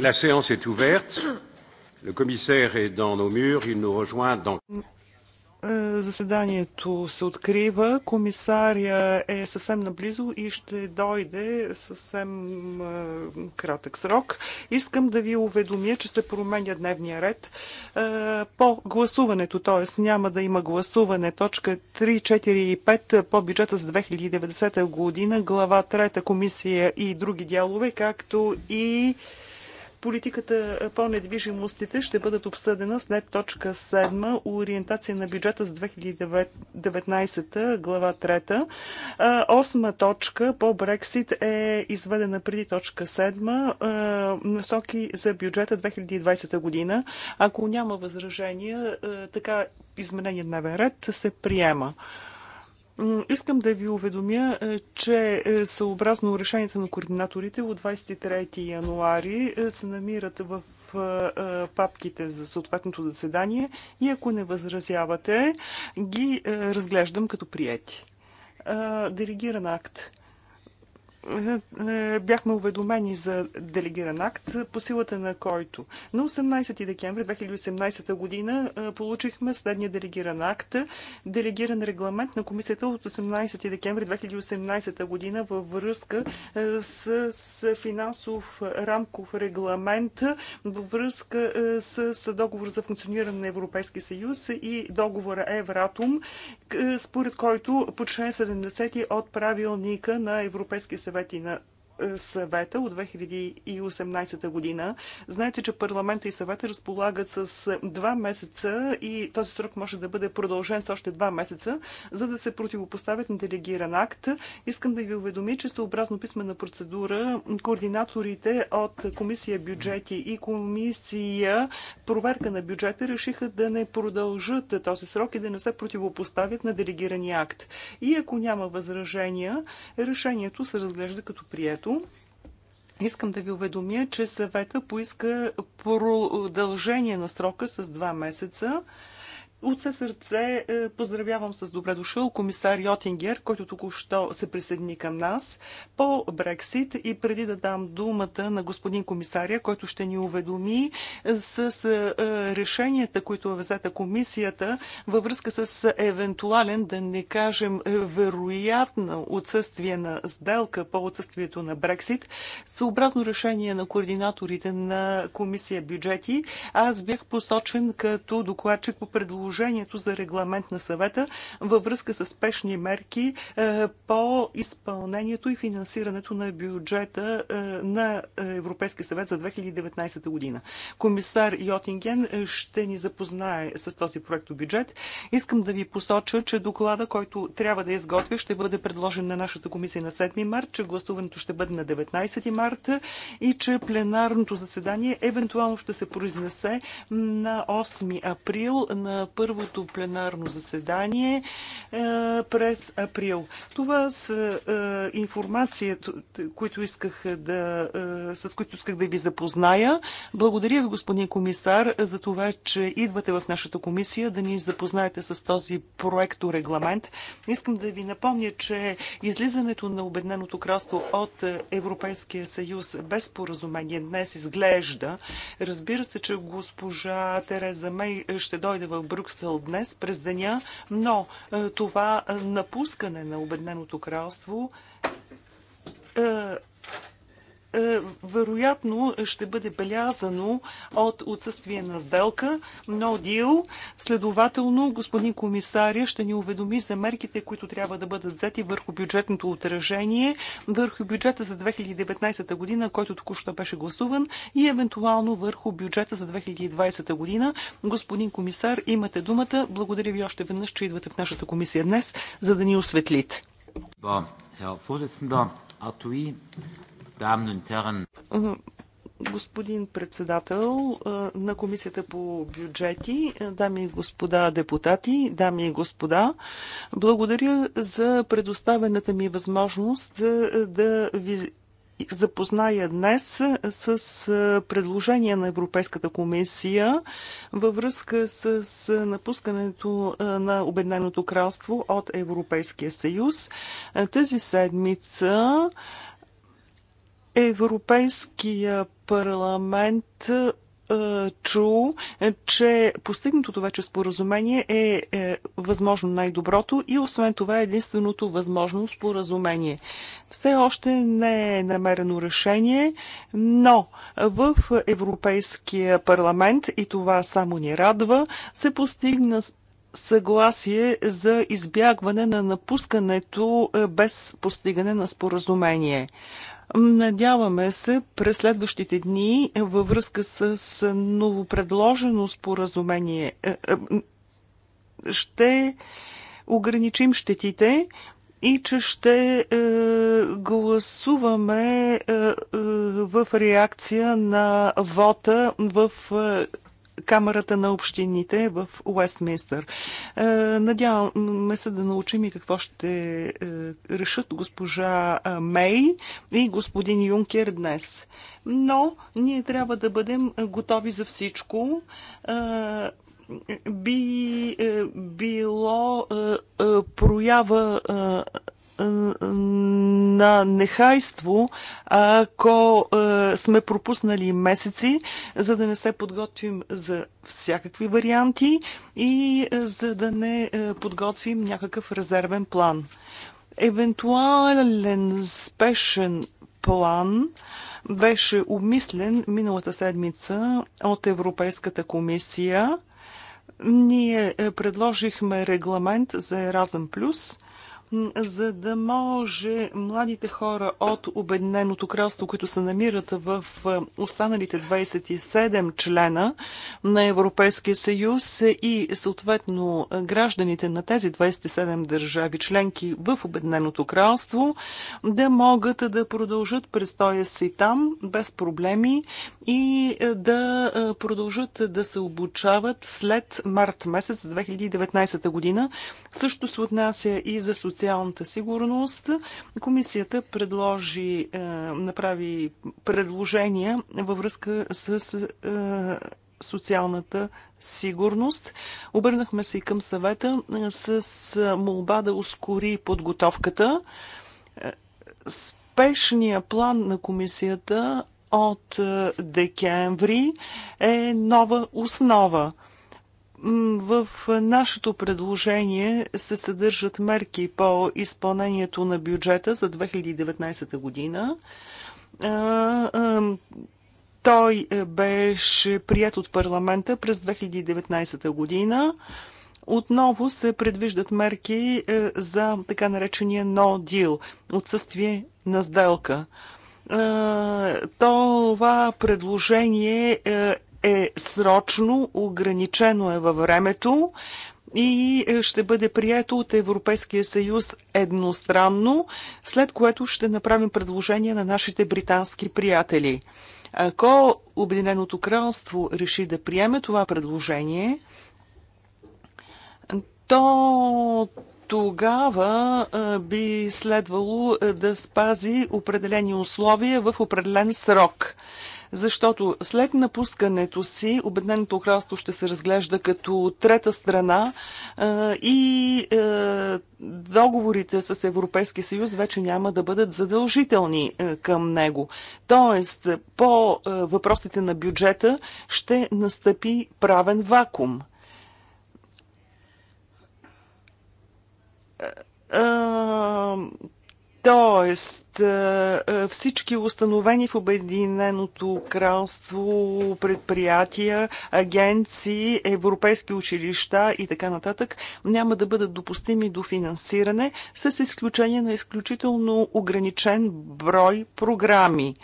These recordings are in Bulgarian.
La séance est ouverte. Le commissaire est dans nos murs. Il nous rejoint dans... Е, заседанието се открива. Комисария е съвсем наблизо и ще дойде съвсем е, кратък срок. Искам да ви уведомя, че се променя дневния ред е, по гласуването, т.е. няма да има гласуване. Точка 3, 4 и 5 по бюджета за 2090 година, глава 3 комисия и други дялове, както и Политиката по недвижимостите ще бъдат обсъдена след точка 7, ориентация на бюджета с 2019 глава 3. Осма точка по Брексит е изведена преди точка 7, насоки за бюджета 2020 година. Ако няма възражения, така изменение на ред се приема. Искам да ви уведомя, е, че е, съобразно решението на координаторите от 23 януари е, се намират в папките за съответното заседание и ако не възразявате, ги разглеждам като прияти. Делегиран акт. Е, е, бяхме уведомени за делегиран акт, по силата на който на 18 декември 2018 година е, получихме следния делегиран акт, делегиран регламент на комисията от 18 декември 2018 година във връзка с, с финансов рамков регламент, във връзка с, с договор за функциониране на Европейския съюз и договора Евратум, според който по член 70 от правилника на Европейския съюз съвети на съвета от 2018 година. Знаете, че парламента и съвета разполагат с два месеца и този срок може да бъде продължен с още два месеца, за да се противопоставят на делегиран акт. Искам да ви уведоми, че съобразно писмена процедура координаторите от Комисия бюджети и Комисия проверка на бюджета решиха да не продължат този срок и да не се противопоставят на делегирания акт. И ако няма възражения, решението се разглежда като прието място, искам да ви уведомя, че съвета поиска продължение на срока с два месеца. От все сърце е, поздравявам с добре дошъл комисар Йотингер, който току-що се присъедини към нас по Брексит и преди да дам думата на господин комисаря, който ще ни уведоми с е, решенията, които е взета комисията във връзка с евентуален, да не кажем е, вероятно отсъствие на сделка по отсъствието на Брексит, съобразно решение на координаторите на комисия бюджети, аз бях посочен като докладчик по предложението предложението за регламент на съвета във връзка с спешни мерки е, по изпълнението и финансирането на бюджета е, на Европейския съвет за 2019 година. Комисар Йотинген е, ще ни запознае с този проект бюджет. Искам да ви посоча, че доклада, който трябва да изготвя, ще бъде предложен на нашата комисия на 7 март, че гласуването ще бъде на 19 марта и че пленарното заседание евентуално ще се произнесе на 8 април на първото пленарно заседание е, през април. Това с е, информация, които исках да, е, с които исках да ви запозная. Благодаря ви, господин комисар, за това, че идвате в нашата комисия да ни запознаете с този проекто регламент. Искам да ви напомня, че излизането на Обедненото кралство от Европейския съюз без споразумение днес изглежда. Разбира се, че госпожа Тереза Мей ще дойде в Брюксел Брюксел днес през деня, но е, това е, напускане на Обедненото кралство е, е, вероятно ще бъде белязано от отсъствие на сделка, но дил. Следователно, господин комисаря ще ни уведоми за мерките, които трябва да бъдат взети върху бюджетното отражение, върху бюджета за 2019 година, който току-що беше гласуван и евентуално върху бюджета за 2020 година. Господин комисар, имате думата. Благодаря ви още веднъж, че идвате в нашата комисия днес, за да ни осветлите. Да, Herr Господин председател на Комисията по бюджети, дами и господа депутати, дами и господа, благодаря за предоставената ми възможност да ви запозная днес с предложение на Европейската комисия във връзка с напускането на Обединеното кралство от Европейския съюз. Тази седмица Европейския парламент е, чу, че постигнатото вече споразумение е, е възможно най-доброто и освен това е единственото възможно споразумение. Все още не е намерено решение, но в Европейския парламент, и това само ни радва, се постигна съгласие за избягване на напускането е, без постигане на споразумение. Надяваме се през следващите дни във връзка с новопредложено споразумение е, е, ще ограничим щетите и че ще е, гласуваме в реакция на вота в Камерата на общините в Уестминстър. Е, надяваме се да научим и какво ще е, решат госпожа е, Мей и господин Юнкер днес. Но ние трябва да бъдем готови за всичко би било проява на нехайство, ако е, сме пропуснали месеци, за да не се подготвим за всякакви варианти и е, за да не е, подготвим някакъв резервен план. Евентуален спешен план беше обмислен миналата седмица от Европейската комисия. Ние предложихме регламент за Еразъм Плюс – за да може младите хора от Обединеното кралство, които се намират в е, останалите 27 члена на Европейския съюз и съответно гражданите на тези 27 държави членки в Обединеното кралство, да могат да продължат престоя си там без проблеми и е, да е, продължат да се обучават след март месец 2019 година. Също се отнася и за социалните социалната сигурност. Комисията предложи, е, направи предложения във връзка с е, социалната сигурност. Обърнахме се и към съвета е, с молба да ускори подготовката. Спешния план на комисията от декември е нова основа. В нашето предложение се съдържат мерки по изпълнението на бюджета за 2019 година. Той е, беше прият от парламента през 2019 година. Отново се предвиждат мерки е, за така наречения no deal, отсъствие на сделка. Това предложение е, е срочно, ограничено е във времето и ще бъде прието от Европейския съюз едностранно, след което ще направим предложение на нашите британски приятели. Ако Обединеното кралство реши да приеме това предложение, то тогава би следвало да спази определени условия в определен срок защото след напускането си Обединеното кралство ще се разглежда като трета страна и договорите с Европейски съюз вече няма да бъдат задължителни към него. Тоест, по въпросите на бюджета ще настъпи правен вакуум. Тоест, всички установени в Обединеното кралство предприятия, агенции, европейски училища и така нататък няма да бъдат допустими до финансиране, с изключение на изключително ограничен брой програми.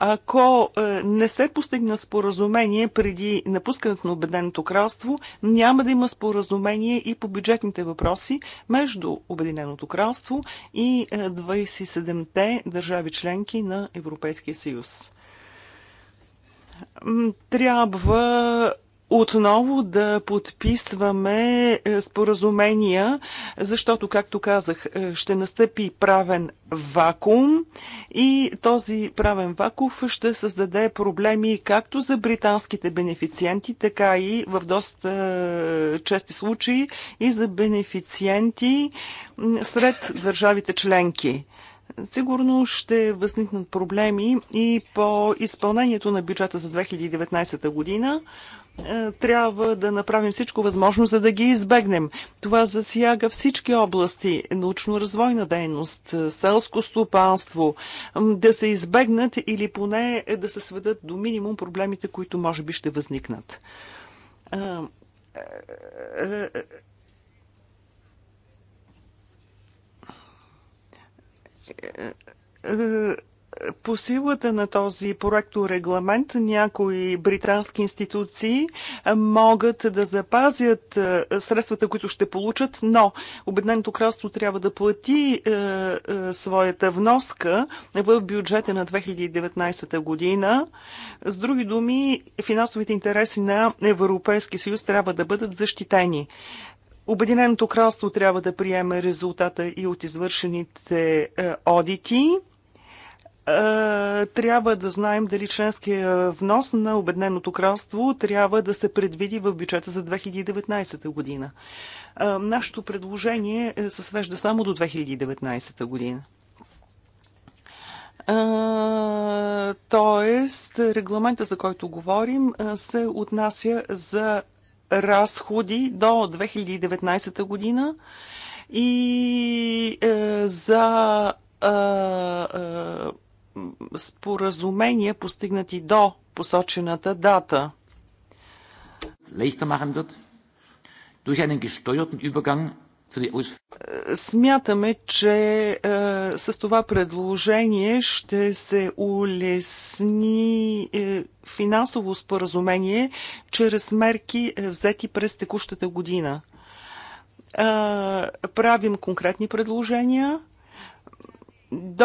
Ако е, не се постигна споразумение преди напускането на Обединеното кралство, няма да има споразумение и по бюджетните въпроси между Обединеното кралство и 27-те е, държави членки на Европейския съюз трябва отново да подписваме е, споразумения, защото, както казах, е, ще настъпи правен вакуум и този правен вакуум ще създаде проблеми както за британските бенефициенти, така и в доста е, чести случаи и за бенефициенти сред държавите членки сигурно ще възникнат проблеми и по изпълнението на бюджета за 2019 година. Е, трябва да направим всичко възможно, за да ги избегнем. Това засяга всички области – научно-развойна дейност, е, селско стопанство, да се избегнат или поне е да се сведат до минимум проблемите, които може би ще възникнат. По силата на този проекто регламент някои британски институции могат да запазят средствата, които ще получат, но Обединеното кралство трябва да плати своята вноска в бюджета на 2019 година. С други думи, финансовите интереси на Европейския съюз трябва да бъдат защитени. Обединеното кралство трябва да приеме резултата и от извършените одити е, трябва да знаем дали членския внос на Обедненото кралство трябва да се предвиди в бюджета за 2019 година. Е, нашето предложение е, се свежда само до 2019 година. Тоест, регламента, за който говорим, се отнася за разходи до 2019 година и за споразумения, постигнати до посочената дата. Е, смятаме, че е, с това предложение ще се улесни е, финансово споразумение чрез мерки взети през текущата година. правим конкретни предложения до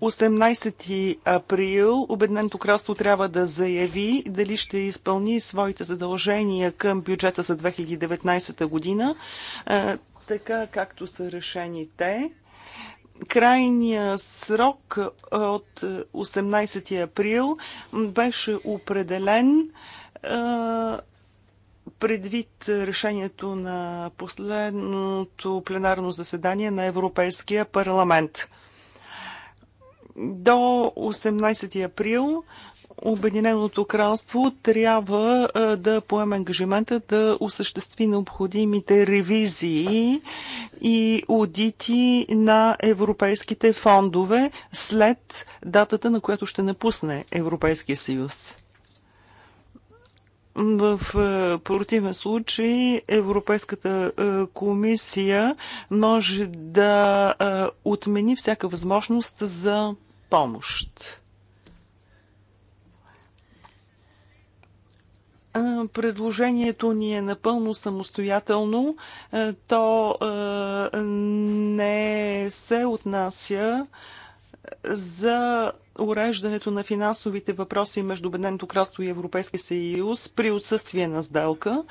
18 април Обединеното кралство трябва да заяви дали ще изпълни своите задължения към бюджета за 2019 година, е, така както са решени те. Крайният срок от 18 април беше определен е, предвид решението на последното пленарно заседание на Европейския парламент до 18 април Обединеното кралство трябва е, да поеме ангажимента да осъществи необходимите ревизии и аудити на европейските фондове след датата, на която ще напусне Европейския съюз. В е, противен случай Европейската е, комисия може да отмени всяка възможност за помощ. Предложението ни е напълно самостоятелно. То не се отнася за уреждането на финансовите въпроси между Обединеното кралство и Европейския съюз при отсъствие на сделка.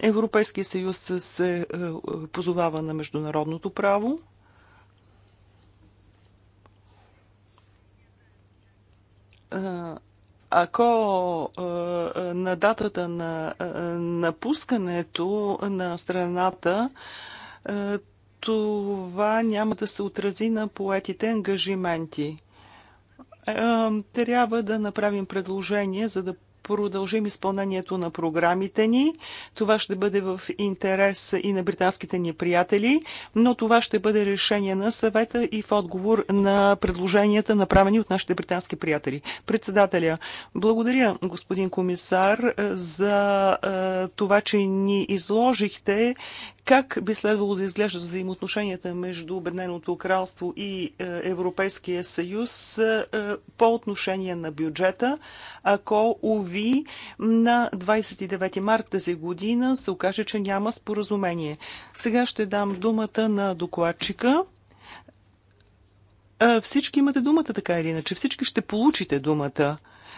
Европейския съюз се е, е, позовава на международното право. ако на датата на напускането на страната това няма да се отрази на поетите ангажименти. Трябва да направим предложение, за да продължим изпълнението на програмите ни. Това ще бъде в интерес и на британските ни приятели, но това ще бъде решение на съвета и в отговор на предложенията, направени от нашите британски приятели. Председателя, благодаря, господин комисар, за е, това, че ни изложихте как би следвало да изглеждат взаимоотношенията между Обединеното кралство и е, Европейския съюз е, е, по отношение на бюджета, ако ОВИ на 29 март тази година се окаже, че няма споразумение. Сега ще дам думата на докладчика. Всички имате думата, така или иначе. Всички ще получите думата.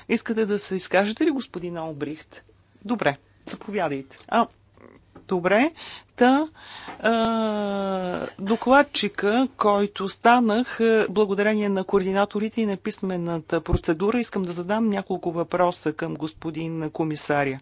Искате да се изкажете ли, господин Албрихт? Добре, заповядайте. А, Добре. Та, а, докладчика, който станах е, благодарение на координаторите и на писмената процедура, искам да задам няколко въпроса към господин комисаря.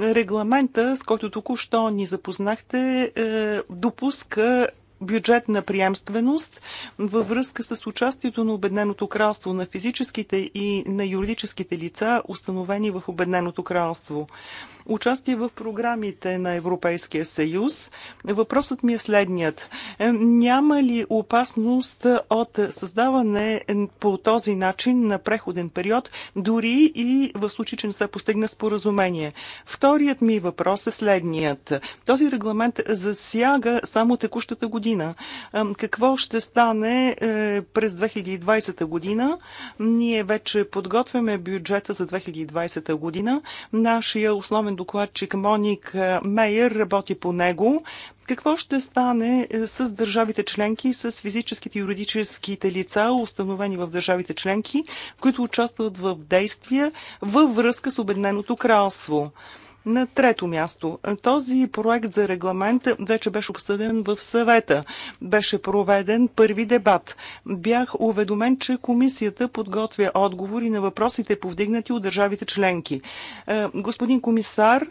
Регламента, с който току-що ни запознахте, е, допуска бюджетна приемственост във връзка с участието на Обедненото кралство на физическите и на юридическите лица, установени в Обедненото кралство участие в програмите на Европейския съюз. Въпросът ми е следният. Няма ли опасност от създаване по този начин на преходен период, дори и в случай, че не се постигна споразумение? Вторият ми въпрос е следният. Този регламент засяга само текущата година. Какво ще стане е, през 2020 година? Ние вече подготвяме бюджета за 2020 година. Нашия основен докладчик Моник Мейер работи по него. Какво ще стане е, с държавите членки, с физическите и юридическите лица, установени в държавите членки, които участват в действия във връзка с Обединеното кралство? На трето място, този проект за регламент вече беше обсъден в съвета. Беше проведен първи дебат. Бях уведомен, че комисията подготвя отговори на въпросите повдигнати от държавите членки. Е, господин комисар,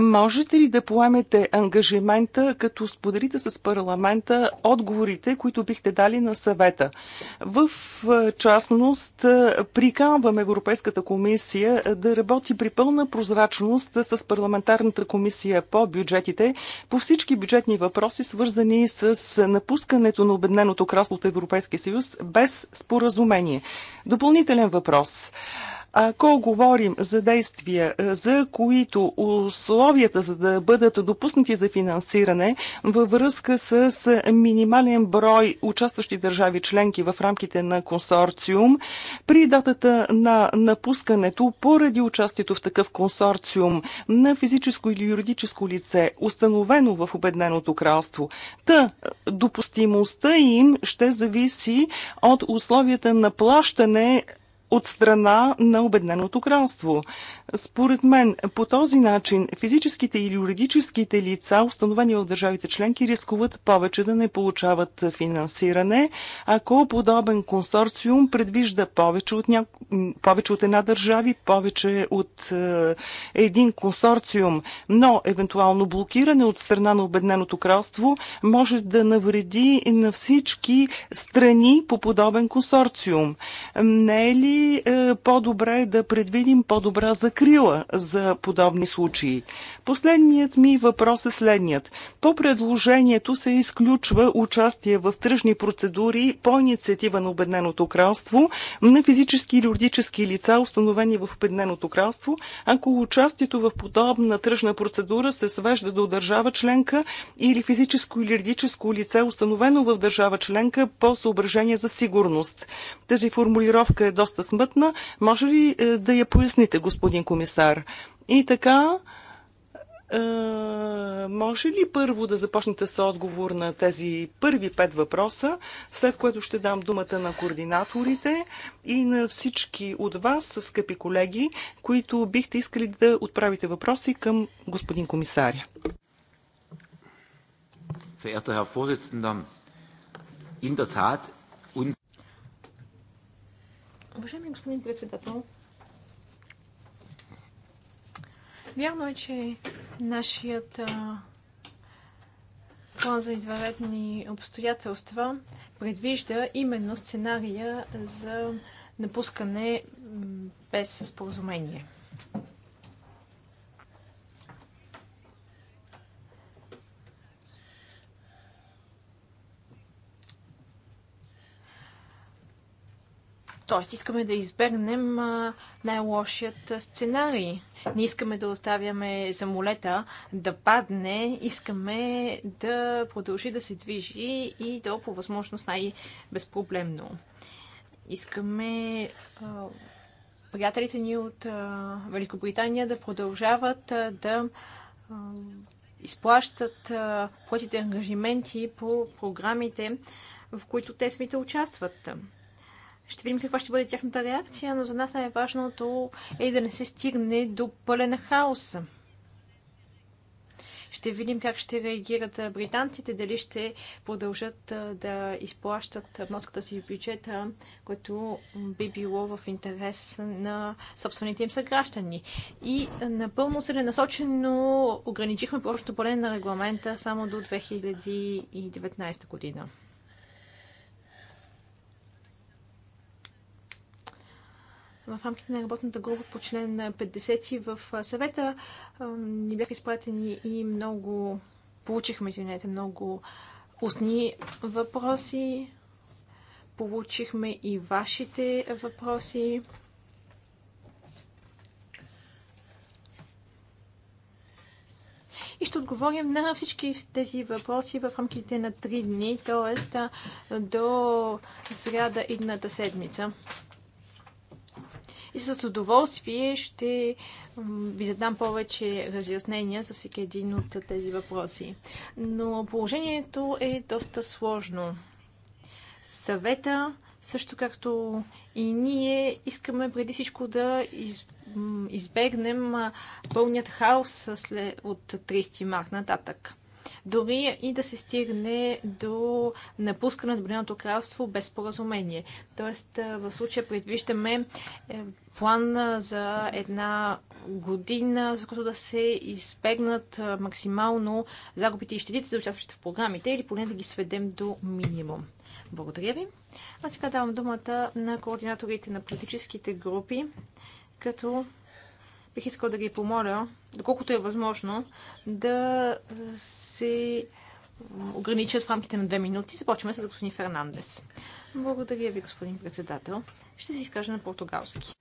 Можете ли да поемете ангажимента, като споделите с парламента отговорите, които бихте дали на съвета? В частност, приканвам Европейската комисия да работи при пълна прозрачност с парламентарната комисия по бюджетите по всички бюджетни въпроси, свързани с напускането на Обедненото кралство от Европейския съюз без споразумение. Допълнителен въпрос – ако говорим за действия, е, за които условията за да бъдат допуснати за финансиране във връзка с минимален брой участващи държави членки в рамките на консорциум, при датата на напускането поради участието в такъв консорциум на физическо или юридическо лице, установено в Обедненото кралство, та е, допустимостта им ще зависи от условията на плащане от страна на Обедненото кралство. Според мен, по този начин физическите и юридическите лица, установени от държавите членки, рискуват повече да не получават финансиране, ако подобен консорциум предвижда повече от, ня... повече от една държави, повече от е, един консорциум, но евентуално блокиране от страна на Обедненото кралство може да навреди на всички страни по подобен консорциум. Не е ли е, по-добре да предвидим по-добра закрепа? крила за подобни случаи. Последният ми въпрос е следният. По предложението се изключва участие в тръжни процедури по инициатива на Обедненото кралство на физически и юридически лица, установени в Обедненото кралство, ако участието в подобна тръжна процедура се свежда до държава членка или физическо или юридическо лице, установено в държава членка по съображение за сигурност. Тази формулировка е доста смътна. Може ли е, да я поясните, господин комисар. И така, е, може ли първо да започнете с отговор на тези първи пет въпроса, след което ще дам думата на координаторите и на всички от вас, скъпи колеги, които бихте искали да отправите въпроси към господин комисаря. Уважаеми господин председател, Вярно е, че нашият план за извънредни обстоятелства предвижда именно сценария за напускане без споразумение. Тоест, искаме да избегнем най-лошият сценарий. Не искаме да оставяме самолета да падне, искаме да продължи да се движи и да по възможност най-безпроблемно. Искаме а, приятелите ни от а, Великобритания да продължават а, да изплащат платите ангажименти по програмите, в които те самите участват. Ще видим каква ще бъде тяхната реакция, но за нас най-важното е да не се стигне до пълен хаос. Ще видим как ще реагират британците, дали ще продължат да изплащат вноската си в бюджета, което би било в интерес на собствените им съграждани. И напълно целенасочено ограничихме прощото поле на регламента само до 2019 година. в рамките на работната група по член 50 в съвета ни бяха изпратени и много, получихме, извинете, много устни въпроси, получихме и вашите въпроси. и ще отговорим на всички тези въпроси в рамките на 3 дни, т.е. до сряда идната седмица и с удоволствие ще ви дам повече разяснения за всеки един от тези въпроси. Но положението е доста сложно. Съвета, също както и ние, искаме преди всичко да из, избегнем пълният хаос след, от 30 марта нататък дори и да се стигне до напускане на Добриното кралство без споразумение. Тоест, в случая предвиждаме е, план за една година, за като да се избегнат максимално загубите и щетите за участващите в програмите или поне да ги сведем до минимум. Благодаря ви. А сега давам думата на координаторите на политическите групи, като бих искал да ги помоля, доколкото е възможно, да се ограничат в рамките на две минути. Започваме с господин Фернандес. Благодаря ви, господин председател. Ще се изкажа на португалски.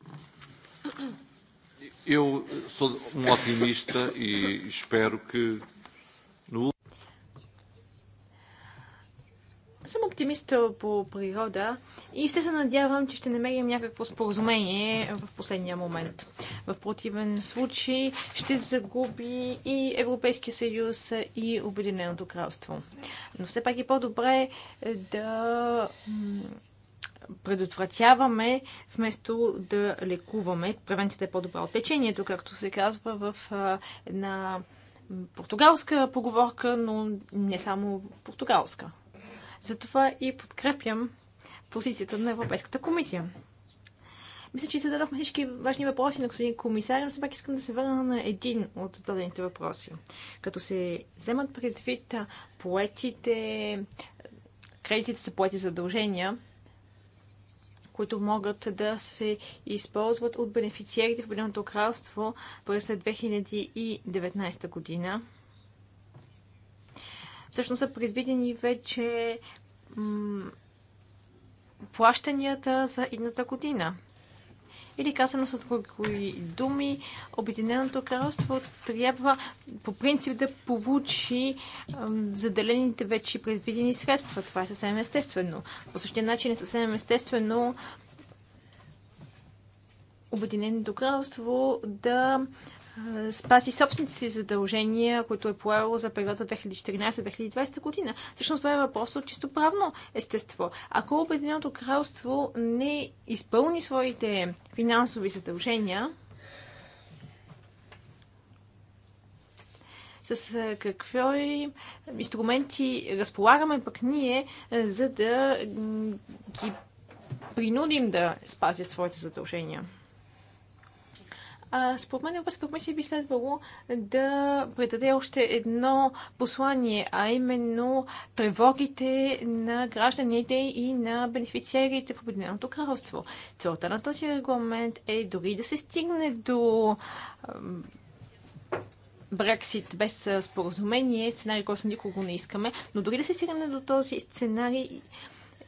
Eu sou um otimista e espero que съм оптимист по природа и ще се надявам, че ще намерим някакво споразумение в последния момент. В противен случай ще загуби и Европейския съюз и Обединеното кралство. Но все пак е по-добре да предотвратяваме, вместо да лекуваме. Превенцията е по-добра от течението, както се казва в една португалска поговорка, но не само португалска. Затова и подкрепям позицията на Европейската комисия. Мисля, че зададохме всички важни въпроси на господин комисар, но все пак искам да се върна на един от зададените въпроси. Като се вземат предвид поетите, кредитите са поети задължения, които могат да се използват от бенефициерите в Обединеното кралство през 2019 година всъщност са предвидени вече плащанията за едната година. Или казано с други думи, Обединеното кралство трябва по принцип да получи заделените вече предвидени средства. Това е съвсем естествено. По същия начин е съвсем естествено Обединеното кралство да спаси собствените си задължения, които е поел за периода 2014-2020 година. Всъщност това е въпрос от чисто правно естество. Ако Обединеното кралство не изпълни своите финансови задължения, с какви инструменти разполагаме пък ние, за да ги принудим да спазят своите задължения според мен Европейската комисия би следвало да предаде още едно послание, а именно тревогите на гражданите и на бенефициерите в Обединеното кралство. Целта на този регламент е дори да се стигне до Брексит без споразумение, сценарий, който никого не искаме, но дори да се стигне до този сценарий,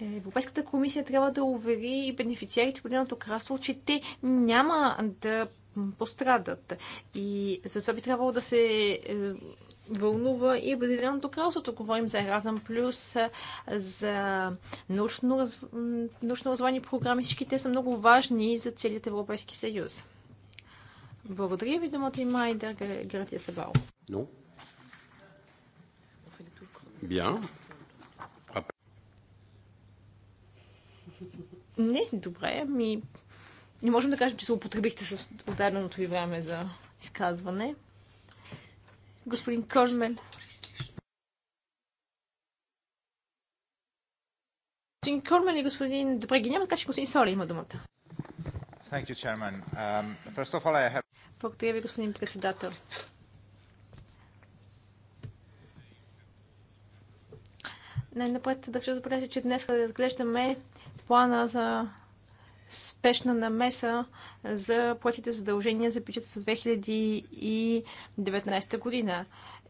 Европейската комисия трябва да увери и бенефициарите в Обединеното кралство, че те няма да пострадат. И затова би трябвало да се е, вълнува и Обединеното кралство. Тук говорим за Еразъм Плюс, за научно, научно развани програми. Всички те са много важни за целият Европейски съюз. Благодаря ви, думата има и да Гратия Сабал. Но. Бя. Не, добре, ами не можем да кажем, че се употребихте с отдаденото ви време за изказване. Господин Кормел. Господин Кормен и господин... Добре, ги няма, така че господин Соли има думата. Thank you, Chairman. Um, first of all, I have... Благодаря ви, господин председател. Най-напред държа да отбележа, че днес да разглеждаме плана за спешна намеса за платите задължения за бюджета за 2019 година.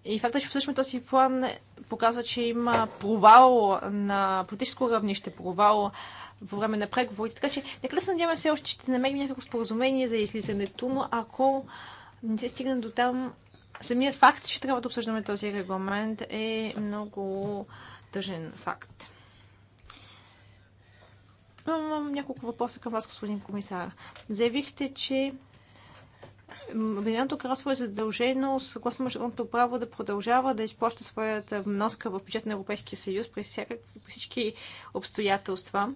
И факта, че всъщност този план показва, че има провал на политическо равнище, провал по време на преговорите. Така че, нека да се надяваме все още, че ще намерим някакво споразумение за излизането, но ако не се стигне до там, самият факт, че трябва да обсъждаме този регламент е много тъжен факт. Имам няколко въпроса към вас, господин комисар. Заявихте, че Обединеното кралство е задължено, съгласно международното право, да продължава да изплаща своята вноска в бюджет на Европейския съюз при, при всички обстоятелства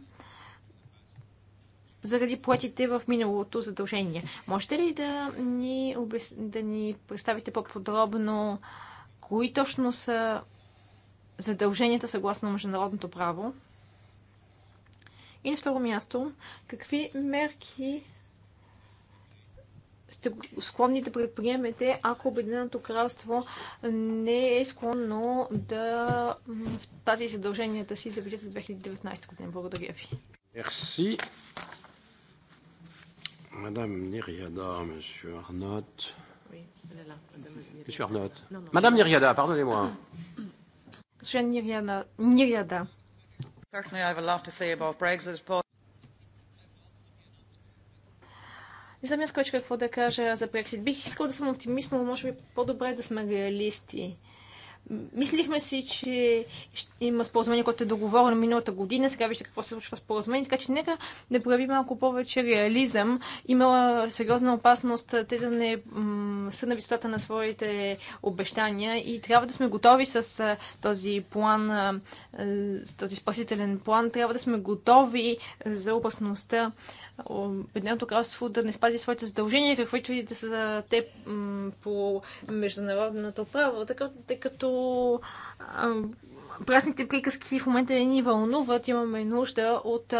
заради платите в миналото задължение. Можете ли да ни, обяс... да ни представите по-подробно кои точно са задълженията съгласно международното право? И на второ място, какви мерки сте склонни да предприемете, ако Обединеното кралство не е склонно да спази задълженията си за бюджет за 2019 година. Благодаря ви. Мерси. Мадам Нириада, месье Арнот. Monsieur Arnott. Madame Niriada, pardonnez-moi. Monsieur Niriada, Niriada. Не знам аз кой какво да кажа за Брексит. Бих искал да съм оптимист, но може би по-добре да сме реалисти. Мислихме си, че има споразумение, което е договорено миналата година. Сега вижте какво се случва с споразумение. Така че нека да прояви малко повече реализъм. Има сериозна опасност те да не са на висотата на своите обещания и трябва да сме готови с този план, с този спасителен план. Трябва да сме готови за опасността Обединеното кралство да не спази своите задължения, каквито и да са те по международното право, тъй като празните приказки в момента не ни вълнуват. Имаме нужда от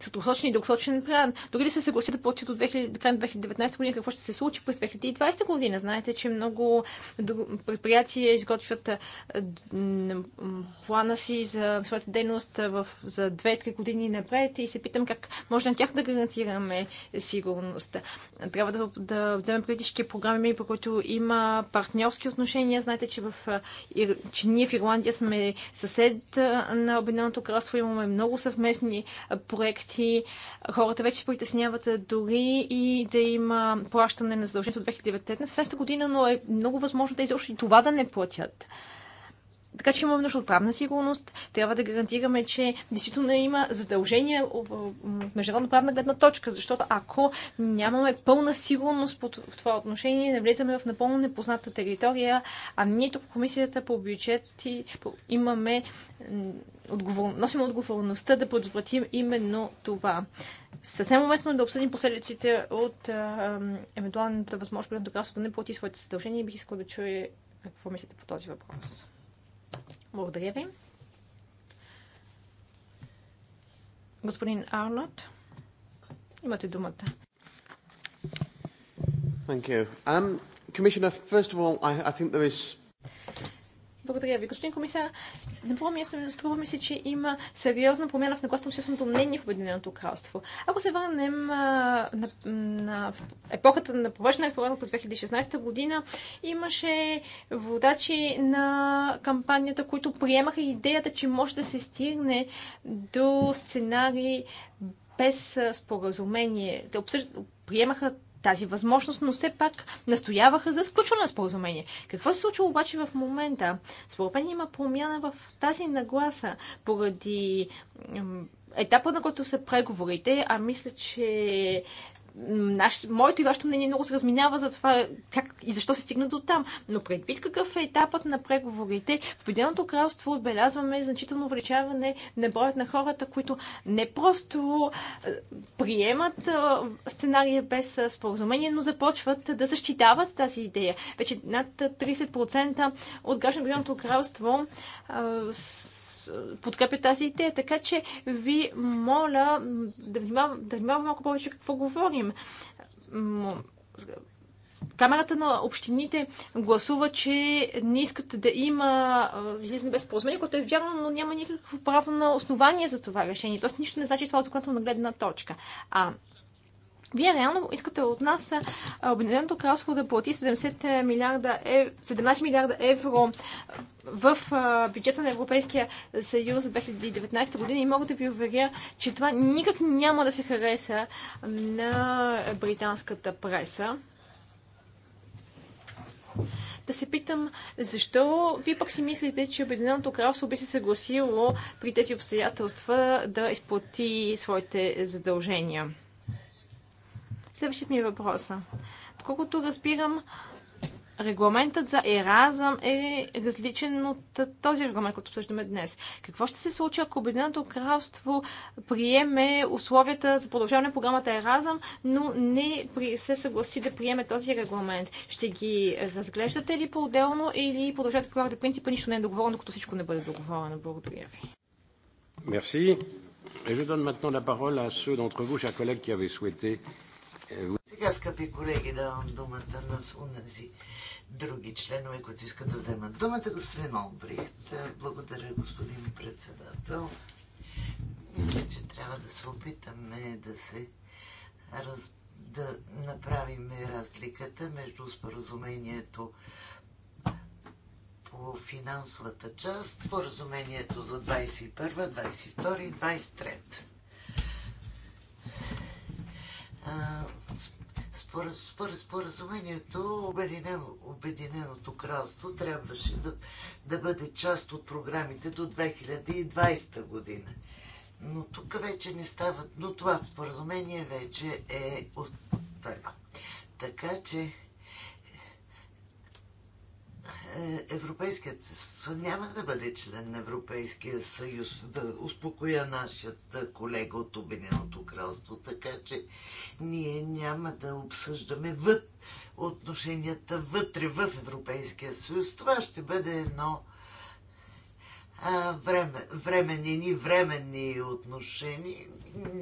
съдосочен и дългосочен план. Дори да се съгласите да платят от 2000, края на 2019 година, какво ще се случи през 2020 година? Знаете, че много предприятия изготвят плана си за своята дейност в, за 2-3 години напред и се питам как може на тях да гарантираме сигурност. Трябва да, да вземем политически програми, по които има партньорски отношения. Знаете, че, в, че ние в Ирландия сме съсед на Обединеното кралство. Имаме много съвместни проекти. Хората вече се притесняват дори и да има плащане на задължението от 2019 година, но е много възможно да изобщо и това да не платят. Така че имаме нужда от правна сигурност. Трябва да гарантираме, че действително има задължения в международна правна гледна точка, защото ако нямаме пълна сигурност в това отношение, не влизаме в напълно непозната територия, а ние тук в комисията по бюджет имаме отговор... носим отговорността да предотвратим именно това. Съвсем уместно е да обсъдим последиците от евентуалната възможност, когато да не плати своите задължения и бих искал да чуя какво мислите по този въпрос. Благодаря ви. Господин Арнот, имате думата. Thank you. Um, Commissioner, first of all, I, I think there is благодаря ви, господин комисар. На първо място е струва ми се, че има сериозна промяна в нагласно общественото мнение в Обединеното кралство. Ако се върнем а, на, на епохата на провеждане реформа през 2016 година, имаше водачи на кампанията, които приемаха идеята, че може да се стигне до сценари без споразумение. Те обсъж... приемаха тази възможност, но все пак настояваха за сключване на споразумение. Какво се случва обаче в момента? Според мен има промяна в тази нагласа поради етапа, на който са преговорите, а мисля, че наш, моето и вашето мнение много се разминава за това как и защо се стигна до там. Но предвид какъв е етапът на преговорите, в Обединеното кралство отбелязваме значително увеличаване на броят на хората, които не просто приемат сценария без споразумение, но започват да защитават тази идея. Вече над 30% от граждан на Обединеното кралство подкрепя тази идея. Така че ви моля да внимаваме да внимавам малко повече какво говорим. Камерата на общините гласува, че не искат да има излизане без споразумение, което е вярно, но няма никакво право на основание за това решение. Тоест нищо не значи това от е законодателна гледна точка. А вие реално искате от нас Обединеното кралство да плати 70 е, милиарда ев... 17 милиарда евро в бюджета на Европейския съюз за 2019 година и мога да ви уверя, че това никак няма да се хареса на британската преса. Да се питам, защо вие пък си мислите, че Обединеното кралство би се съгласило при тези обстоятелства да изплати своите задължения? Следващият ми е въпрос. Колкото разбирам, регламентът за Еразъм е различен от този регламент, който обсъждаме днес. Какво ще се случи, ако Обединеното кралство приеме условията за продължаване на програмата Еразъм, но не се съгласи да приеме този регламент? Ще ги разглеждате ли по-отделно или продължавате програмата принципа нищо не е договорено, като всичко не бъде договорено? Благодаря ви. Merci. Et je donne maintenant la parole à ceux d'entre vous, chers collègues, qui avaient souhaité сега, скъпи колеги, давам думата на унази други членове, които искат да вземат думата. Господин Олбрихт, благодаря, господин председател. Мисля, че трябва да се опитаме да се раз... да направим разликата между споразумението по финансовата част, споразумението за 21, 22 и 23 според, споразумението Обединено, Обединеното кралство трябваше да, да бъде част от програмите до 2020 година. Но тук вече не става, но това споразумение вече е остаряло. Така че е, Европейският съюз няма да бъде член на Европейския съюз, да успокоя нашият колега от Обединеното кралство, така че ние няма да обсъждаме въд, отношенията вътре в Европейския съюз. Това ще бъде едно а, време, временни, ни временни отношения,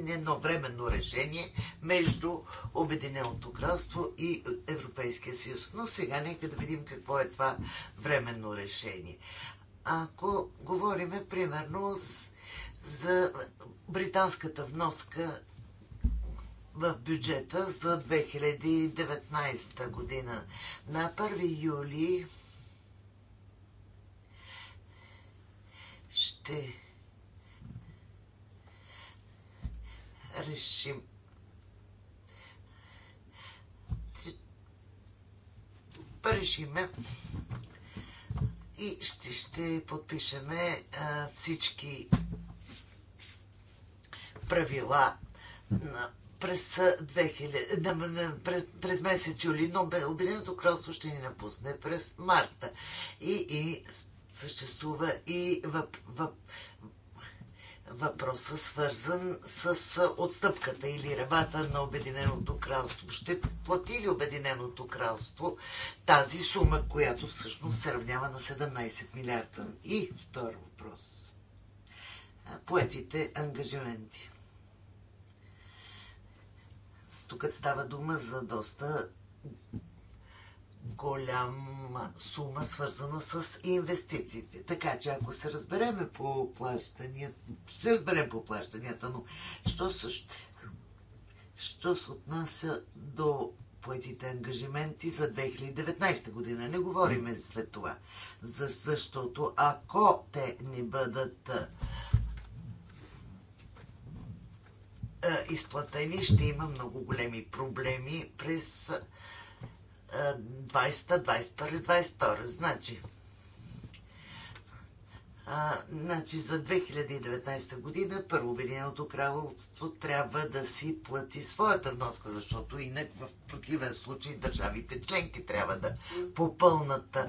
едновременно решение между Обединеното кралство и Европейския съюз. Но сега нека да видим какво е това временно решение. Ако говориме примерно за британската вноска в бюджета за 2019 година. На 1 юли ще решим. Решиме и ще, ще подпишеме а, всички правила на през, 2000, на, на, през, през месец юли, но Обединеното кралство ще ни напусне през марта. И, и съществува и въп, въп, въпроса, свързан с отстъпката или ревата на Обединеното кралство. Ще плати ли Обединеното кралство тази сума, която всъщност се равнява на 17 милиарда? И втори въпрос. Поетите ангажименти. Тук става дума за доста голяма сума, свързана с инвестициите. Така че ако се разбереме по плащанията, се разберем по плащанията, но що се, що се отнася до поетите ангажименти за 2019 година. Не говорим след това. За, защото ако те не бъдат изплатени, ще има много големи проблеми през 20, 21, 22. Значи, а, значи за 2019 година първо Обединеното кралство трябва да си плати своята вноска, защото инак в противен случай държавите членки трябва да попълнат а,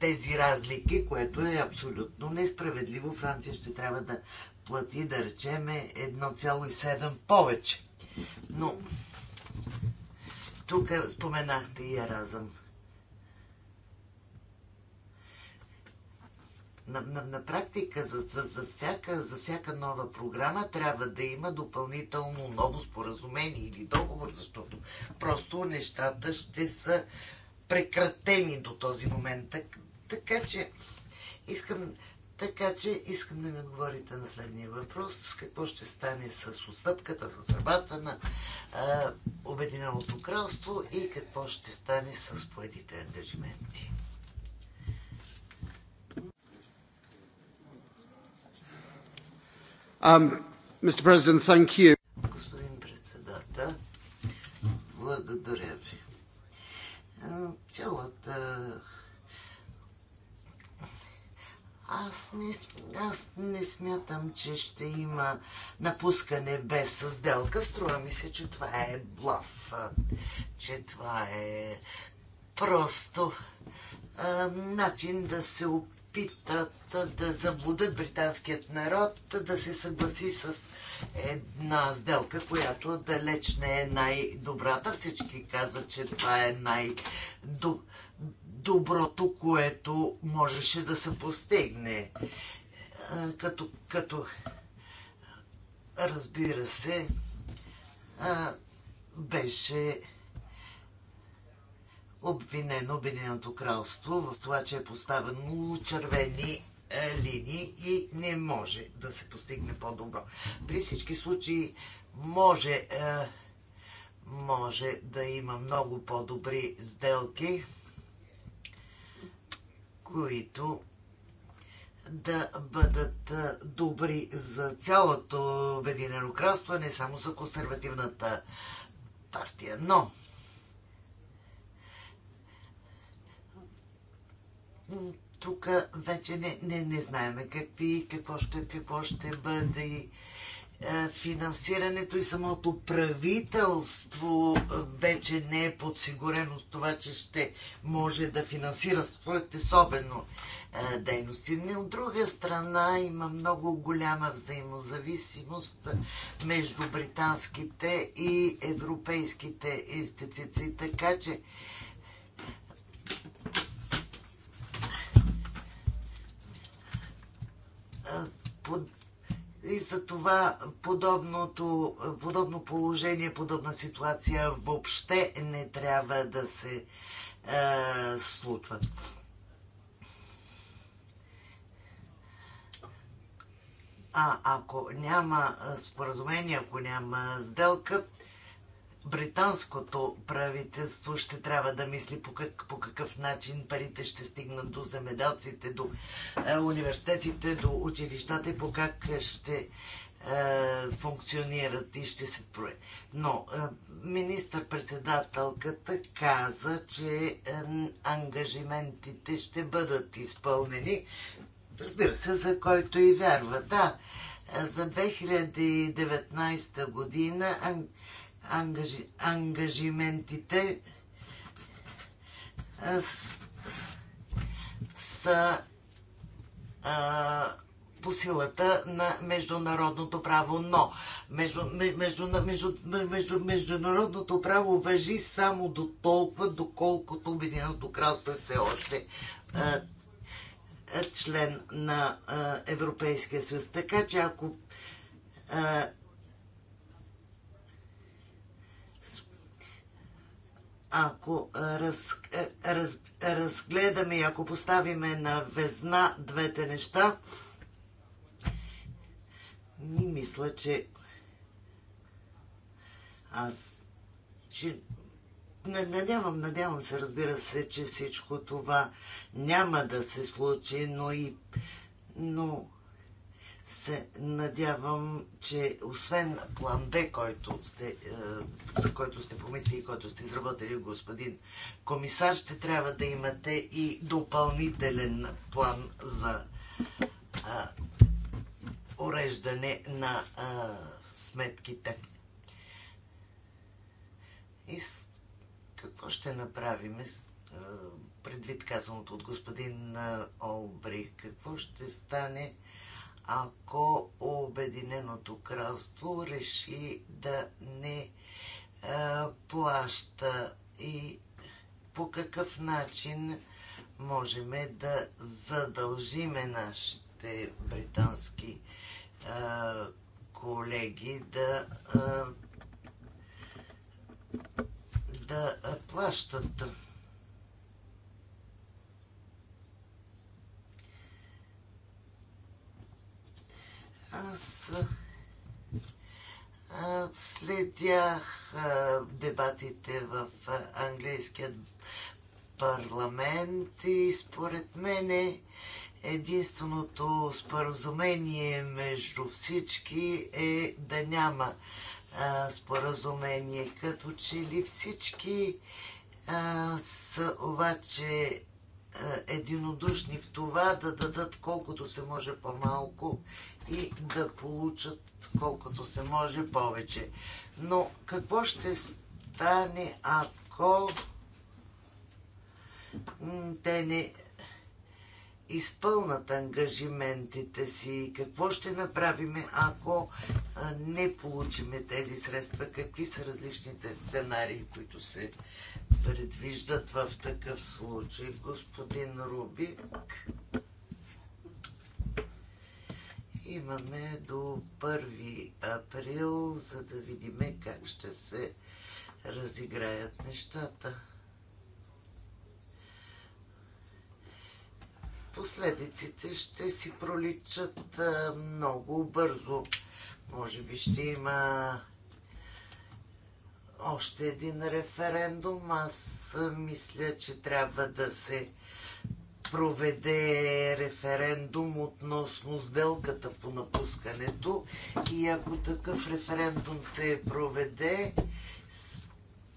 тези разлики, което е абсолютно несправедливо. Франция ще трябва да плати, да речеме, 1,7 повече. Но тук е, споменахте и Еразъм. На, на, на практика за, за, за, всяка, за всяка нова програма трябва да има допълнително ново споразумение или договор, защото просто нещата ще са прекратени до този момент. Так, така че искам така че искам да ми отговорите на следния въпрос. Какво ще стане с отстъпката, с работа на а, Обединеното кралство и какво ще стане с поетите ангажименти? Um, Mr. President, thank you. Господин председател, благодаря ви. Цялата аз не, аз не смятам, че ще има напускане без сделка. Струва ми се, че това е блав, че това е просто а, начин да се опитат да заблудат британският народ, да се съгласи с една сделка, която далеч не е най-добрата. Всички казват, че това е най-добрата доброто което можеше да се постигне. Е, като, като разбира се, е, беше обвинено Обединеното кралство в това, че е поставено червени е, линии и не може да се постигне по-добро. При всички случаи може, може да има много по-добри сделки които да бъдат добри за цялото Обединено кралство, не само за консервативната партия. Но тук вече не, не, не знаеме какви, какво ще, какво ще бъде е, финансирането и самото правителство е, вече не е подсигурено с това, че ще може да финансира своите особено е, дейности. Но от друга страна има много голяма взаимозависимост между британските и европейските институции, така че под и за това подобното, подобно положение, подобна ситуация въобще не трябва да се е, случва. А ако няма споразумение, ако няма сделка, британското правителство ще трябва да мисли по, как, по какъв начин парите ще стигнат до замедалците, до е, университетите, до училищата и по как ще е, функционират и ще се проект. Но е, министър-председателката каза, че е, ангажиментите ще бъдат изпълнени. Разбира се, за който и вярва. Да, е, за 2019 година ангажи, ангажиментите са а, по силата на международното право. Но между, между, между, между, международното право въжи само до толкова, доколкото Обединеното кралство е все още а, член на а, Европейския съюз. Така че ако а, ако раз, раз, разгледаме и ако поставиме на везна двете неща, ми мисля, че аз, че надявам, надявам се, разбира се, че всичко това няма да се случи, но и но се надявам, че освен план Б, който сте, е, за който сте помислили, който сте изработили, господин комисар, ще трябва да имате и допълнителен план за а, е, уреждане на а, е, сметките. И какво ще направим? Предвид казаното от господин Олбри, какво ще стане? ако Обединеното кралство реши да не а, е, плаща и по какъв начин можем да задължиме нашите британски а, е, колеги да а, е, да плащат. Аз следях дебатите в английския парламент и според мене единственото споразумение между всички е да няма споразумение. Като че ли всички са обаче е, единодушни в това да дадат колкото се може по-малко и да получат колкото се може повече. Но какво ще стане, ако те не изпълнат ангажиментите си? Какво ще направим, ако не получиме тези средства? Какви са различните сценарии, които се предвиждат в такъв случай, господин Рубик? Имаме до 1 април, за да видим как ще се разиграят нещата. Последиците ще си проличат много бързо. Може би ще има още един референдум. Аз мисля, че трябва да се проведе референдум относно сделката по напускането и ако такъв референдум се проведе,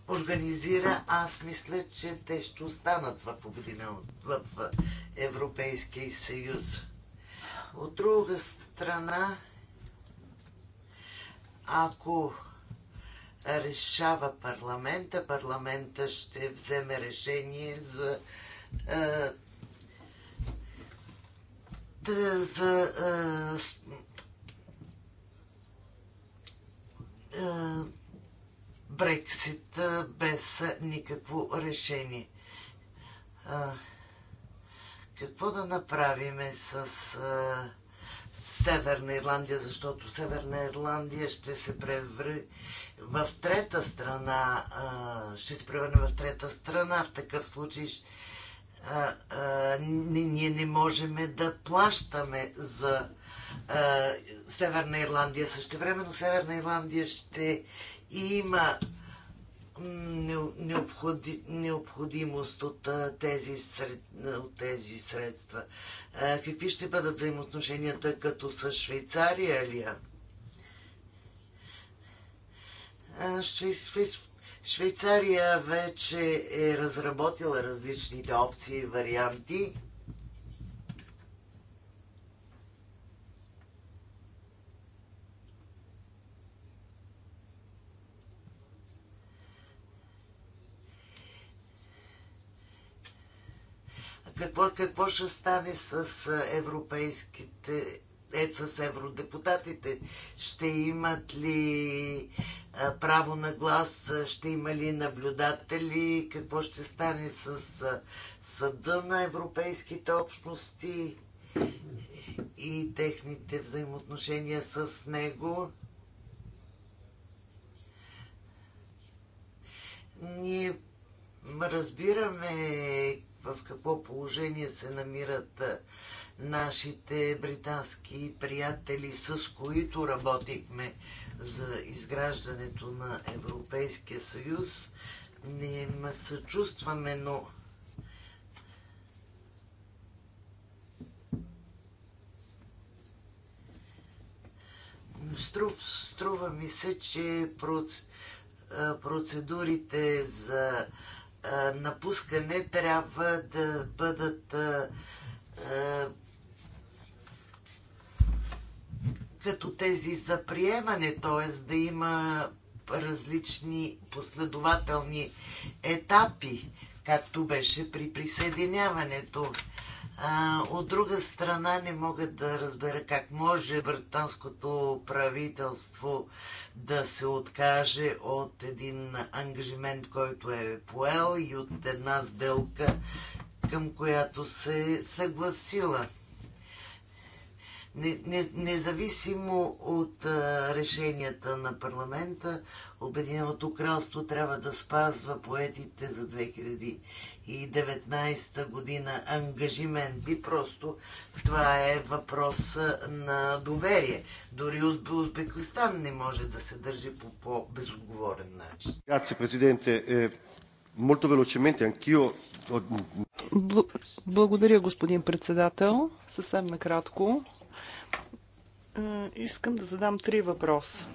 организира, аз мисля, че те ще останат в, обединен, в Европейския съюз. От друга страна, ако решава парламента. Парламента ще вземе решение за е, за е, е, Брексит без никакво решение. Какво да направиме с Северна Ирландия, защото Северна Ирландия ще се превръща в трета страна, ще се превърне в трета страна, в такъв случай а, а, ние не можем да плащаме за а, Северна Ирландия. но Северна Ирландия ще има необходи, необходимост от тези, сред, от тези средства. Какви ще бъдат взаимоотношенията като с Швейцария, Алия? Швейцария вече е разработила различните опции и варианти. какво, какво ще стане с европейските е с евродепутатите? Ще имат ли право на глас? Ще има ли наблюдатели? Какво ще стане с съда на европейските общности и техните взаимоотношения с него? Ние разбираме в какво положение се намират нашите британски приятели, с които работихме за изграждането на Европейския съюз. Не съчувстваме, но струва ми се, че процедурите за напускане трябва да бъдат като тези за приемане, т.е. да има различни последователни етапи, както беше при присъединяването. А, от друга страна не мога да разбера как може британското правителство да се откаже от един ангажимент, който е поел и от една сделка, към която се е съгласила независимо от решенията на парламента, Обединеното кралство трябва да спазва поетите за 2019 година ангажименти. Просто това е въпрос на доверие. Дори Узбекистан не може да се държи по по-безотговорен начин. президенте. Е, благодаря, господин председател. Съвсем накратко. Искам да задам три въпроса.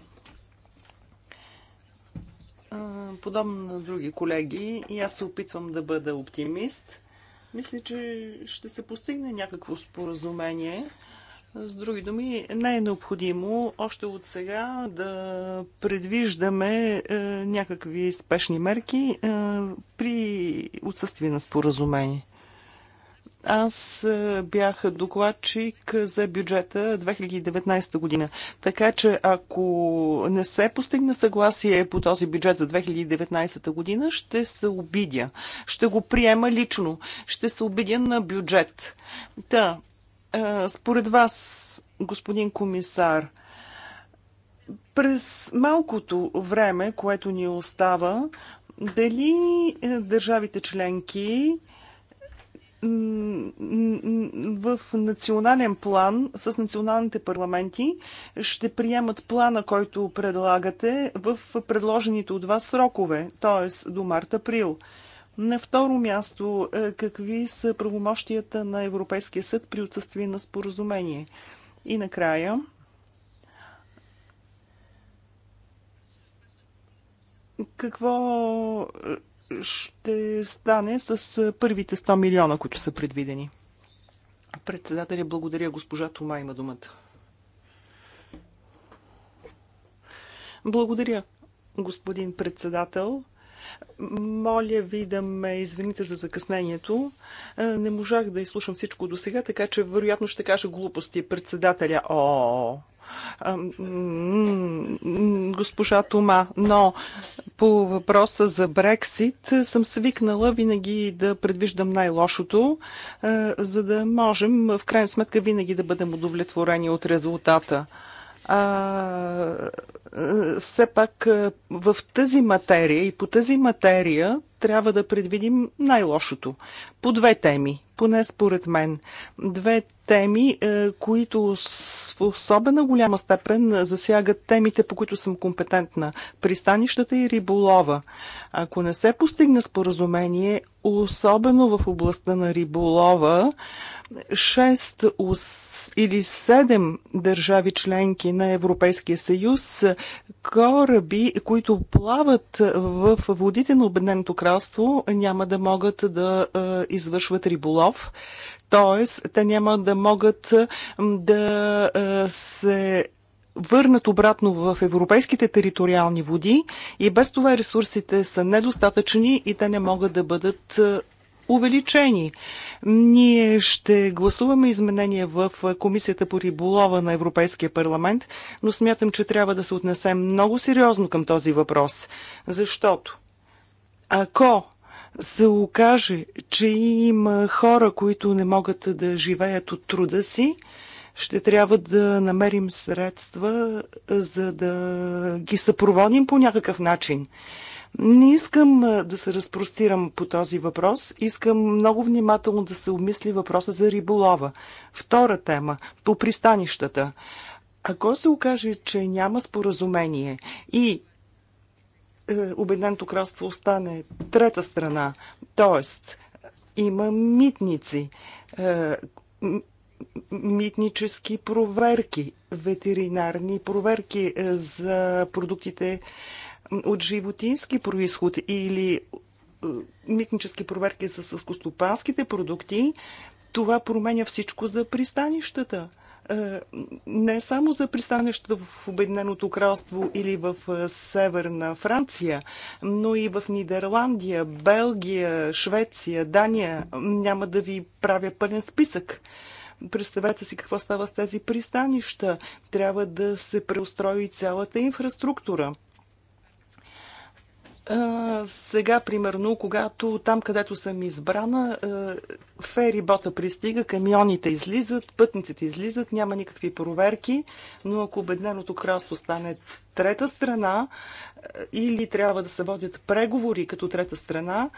Подобно на други колеги, и аз се опитвам да бъда оптимист. Мисля, че ще се постигне някакво споразумение. С други думи, не е необходимо още от сега да предвиждаме е, някакви спешни мерки е, при отсъствие на споразумение. Аз е, бях докладчик за бюджета 2019 година. Така че ако не се постигне съгласие по този бюджет за 2019 година, ще се обидя. Ще го приема лично. Ще се обидя на бюджет. Та, е, според вас, господин комисар, през малкото време, което ни остава, дали е, държавите членки в национален план с националните парламенти ще приемат плана, който предлагате в предложените от вас срокове, т.е. до март-април. На второ място, е, какви са правомощията на Европейския съд при отсъствие на споразумение? И накрая, какво ще стане с първите 100 милиона, които са предвидени. Председателя, благодаря. Госпожа Тома има думата. Благодаря, господин председател. Моля ви да ме извините за закъснението. Не можах да изслушам всичко до сега, така че вероятно ще кажа глупости. Председателя, о, госпожа Тома, но по въпроса за Брексит е, съм свикнала винаги да предвиждам най-лошото, е, за да можем в крайна сметка винаги да бъдем удовлетворени от резултата. А, е, все пак в тази материя и по тази материя трябва да предвидим най-лошото. По две теми, поне според мен. Две теми, е, които в особена голяма степен засягат темите, по които съм компетентна – пристанищата и риболова. Ако не се постигне споразумение, особено в областта на риболова, 6 или 7 държави членки на Европейския съюз, кораби, които плават в водите на Обедненото кралство, няма да могат да е, извършват риболов. Тоест, те няма да могат да се върнат обратно в европейските териториални води и без това ресурсите са недостатъчни и те не могат да бъдат увеличени. Ние ще гласуваме изменения в Комисията по риболова на Европейския парламент, но смятам, че трябва да се отнесем много сериозно към този въпрос, защото ако се окаже, че има хора, които не могат да живеят от труда си, ще трябва да намерим средства, за да ги съпроводим по някакъв начин. Не искам да се разпростирам по този въпрос. Искам много внимателно да се обмисли въпроса за риболова. Втора тема по пристанищата. Ако се окаже, че няма споразумение и е, Обединеното кралство остане трета страна, т.е. има митници, е, митнически проверки, ветеринарни проверки е, за продуктите от животински происход или митнически проверки за съскостопанските продукти, това променя всичко за пристанищата – е, не само за пристанищата в Обединеното кралство или в е, Северна Франция, но и в Нидерландия, Белгия, Швеция, Дания. Няма да ви правя пълен списък. Представете си какво става с тези пристанища. Трябва да се преустрои цялата инфраструктура сега, примерно, когато там, където съм избрана, фери пристига, камионите излизат, пътниците излизат, няма никакви проверки, но ако обедненото кралство стане трета страна или трябва да се водят преговори като трета страна,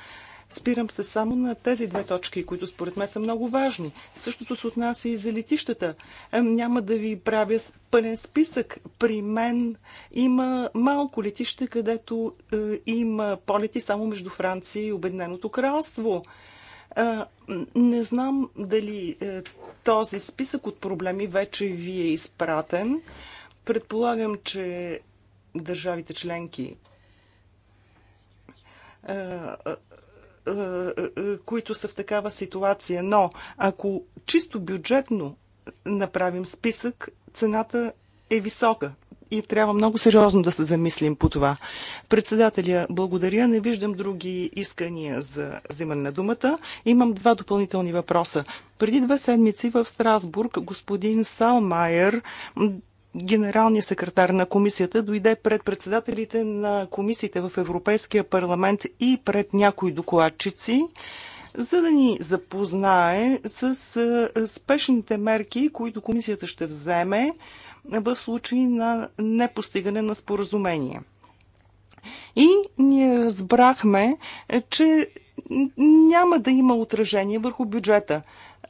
Спирам се само на тези две точки, които според мен са много важни. Същото се отнася и за летищата. Е, няма да ви правя пълен списък. При мен има малко летище, където е, има полети само между Франция и Обединеното кралство. Е, не знам дали е, този списък от проблеми вече ви е изпратен. Предполагам, че държавите членки е, е, е, които са в такава ситуация. Но ако чисто бюджетно направим списък, цената е висока и трябва много сериозно да се замислим по това. Председателя, благодаря. Не виждам други искания за взимане на думата. Имам два допълнителни въпроса. Преди две седмици в Страсбург господин Салмайер Генералния секретар на комисията дойде пред председателите на комисиите в Европейския парламент и пред някои докладчици, за да ни запознае с спешните мерки, които комисията ще вземе в случай на непостигане на споразумение. И ние разбрахме, че няма да има отражение върху бюджета.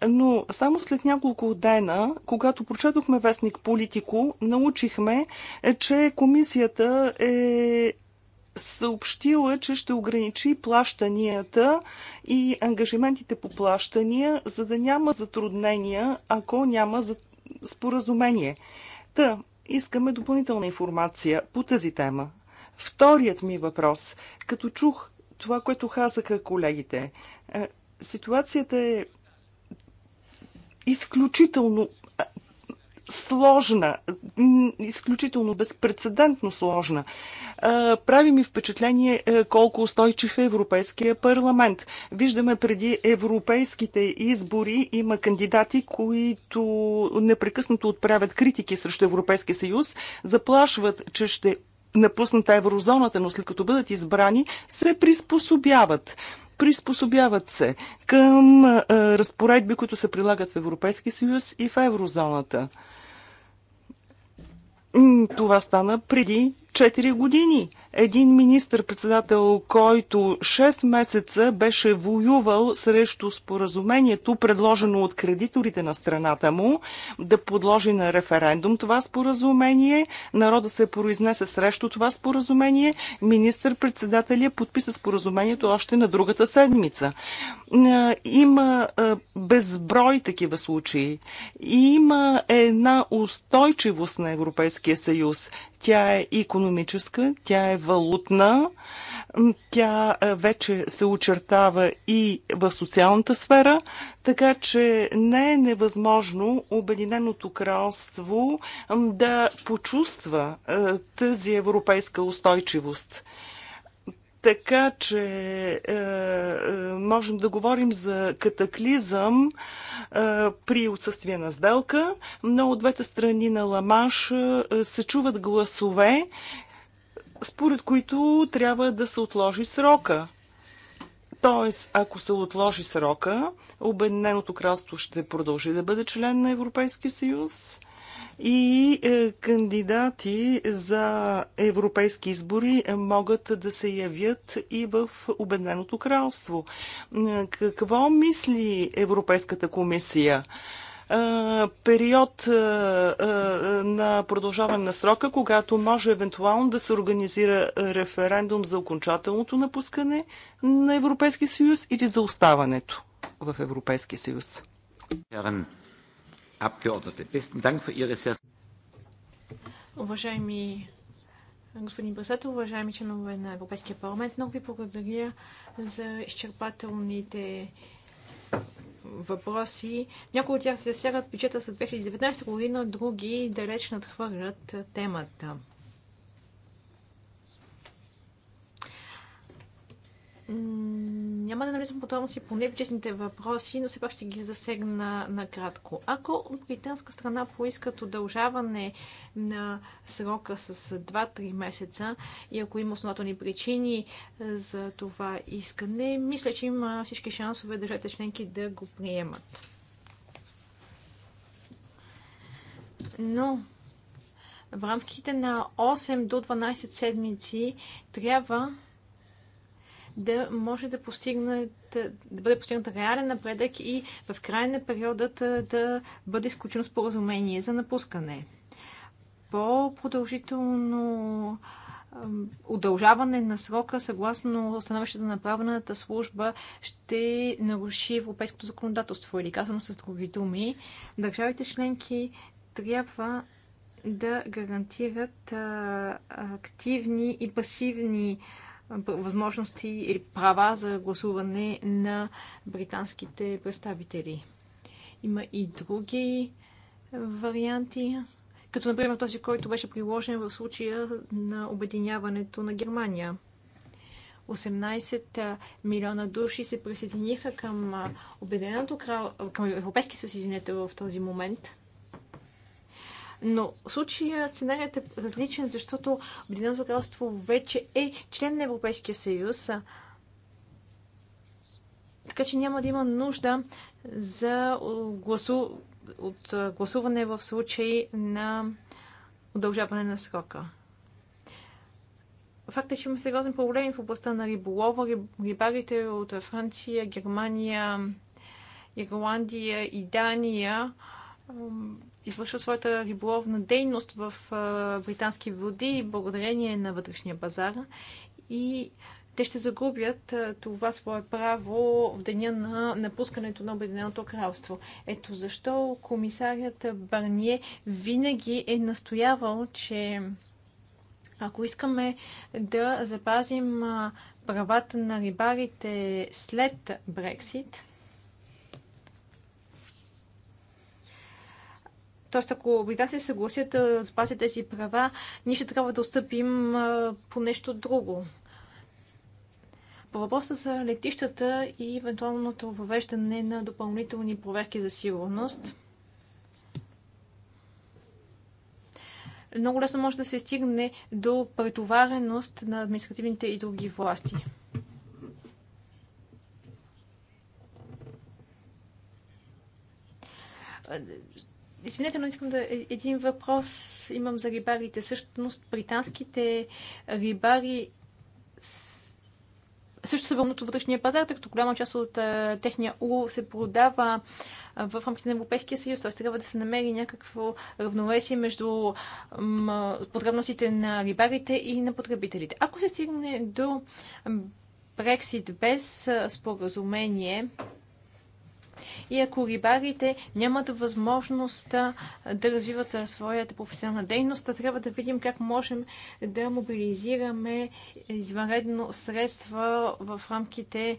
Но само след няколко дена, когато прочетохме вестник Политико, научихме, е, че комисията е съобщила, че ще ограничи плащанията и ангажиментите по плащания, за да няма затруднения, ако няма споразумение. Та, искаме допълнителна информация по тази тема. Вторият ми въпрос. Като чух това, което казаха колегите. Е, ситуацията е изключително е, сложна, изключително безпредседентно сложна. Е, прави ми впечатление колко устойчив е Европейския парламент. Виждаме преди европейските избори има кандидати, които непрекъснато отправят критики срещу Европейския съюз, заплашват, че ще напуснат еврозоната, но след като бъдат избрани, се приспособяват. Приспособяват се към а, разпоредби, които се прилагат в Европейския съюз и в еврозоната. Това стана преди 4 години един министр-председател, който 6 месеца беше воювал срещу споразумението, предложено от кредиторите на страната му, да подложи на референдум това споразумение. Народа се произнесе срещу това споразумение. Министр-председателя подписа споразумението още на другата седмица. Има безброй такива случаи. Има една устойчивост на Европейския съюз. Тя е економическа, тя е валутна, тя е, вече се очертава и в социалната сфера, така че не е невъзможно Обединеното кралство да почувства е, тази европейска устойчивост. Така че е, е, можем да говорим за катаклизъм е, при отсъствие на сделка, но от двете страни на Ламанш е, се чуват гласове, според които трябва да се отложи срока. Тоест, ако се отложи срока, Обединеното кралство ще продължи да бъде член на Европейския съюз и е, кандидати за европейски избори е, могат да се явят и в Обедненото кралство. Е, какво мисли Европейската комисия? период на продължаване на срока, когато може евентуално да се организира референдум за окончателното напускане на Европейския съюз или за оставането в Европейския съюз. Abgeordnete, besten Dank für Ihre sehr... Уважаеми господин председател, уважаеми членове на Европейския парламент, много ви благодаря за изчерпателните въпроси. Някои от тях се засягат бюджета за 2019 година, други далеч надхвърлят темата. Няма да навлизам подробно си по невчестните въпроси, но все пак ще ги засегна накратко. Ако от британска страна поискат удължаване на срока с 2-3 месеца и ако има основателни причини за това искане, мисля, че има всички шансове държавите членки да го приемат. Но в рамките на 8 до 12 седмици трябва да може да, постигнат, да бъде постигнат реален напредък и в края на периодът да бъде изключено споразумение за напускане. По-продължително удължаване на срока, съгласно становището на правната служба, ще наруши европейското законодателство. Или казано с други думи, държавите членки трябва да гарантират активни и пасивни възможности или права за гласуване на британските представители. Има и други е, варианти, като например този, който беше приложен в случая на обединяването на Германия. 18 е, милиона души се присъединиха към е, Обединеното крал... към Европейски съюз, извинете, в този момент. Но в случая сценарият е различен, защото Обединеното кралство вече е член на Европейския съюз. Така че няма да има нужда за гласу... от гласуване в случай на удължаване на срока. Факт е, че има сериозни проблеми в областта на риболова. Рибарите от Франция, Германия, Ирландия и Дания Извършва своята риболовна дейност в британски води благодарение на вътрешния пазар и те ще загубят това свое право в деня на напускането на Обединеното кралство. Ето защо комисарят Барние винаги е настоявал, че ако искаме да запазим правата на рибарите след Брексит, т.е. ако британците съгласят да спазят тези права, ние ще трябва да отстъпим по нещо друго. По въпроса за летищата и евентуалното въвеждане на допълнителни проверки за сигурност. Много лесно може да се стигне до претовареност на административните и други власти. Извинете, но искам да е един въпрос имам за рибарите. Същност, британските рибари с... също се вълнат от вътрешния пазар, тъй като голяма част от а, техния улов се продава в рамките на Европейския съюз, т.е. трябва да се намери някакво равновесие между м, потребностите на рибарите и на потребителите. Ако се стигне до Брексит без споразумение, и ако рибарите нямат възможност да развиват своята професионална дейност, трябва да видим как можем да мобилизираме извънредно средства в рамките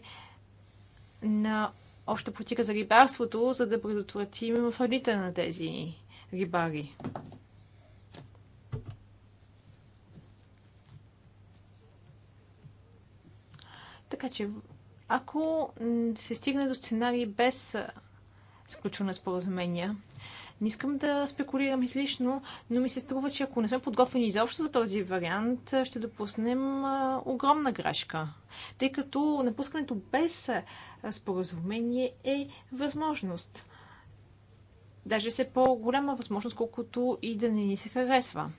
на обща политика за рибарството, за да предотвратим фалита на тези рибари. Така че ако се стигне до сценарий без сключване на споразумения, не искам да спекулирам излишно, но ми се струва, че ако не сме подготвени изобщо за този вариант, ще допуснем огромна грешка. Тъй като напускането без споразумение е възможност. Даже все по-голяма възможност, колкото и да не ни се харесва.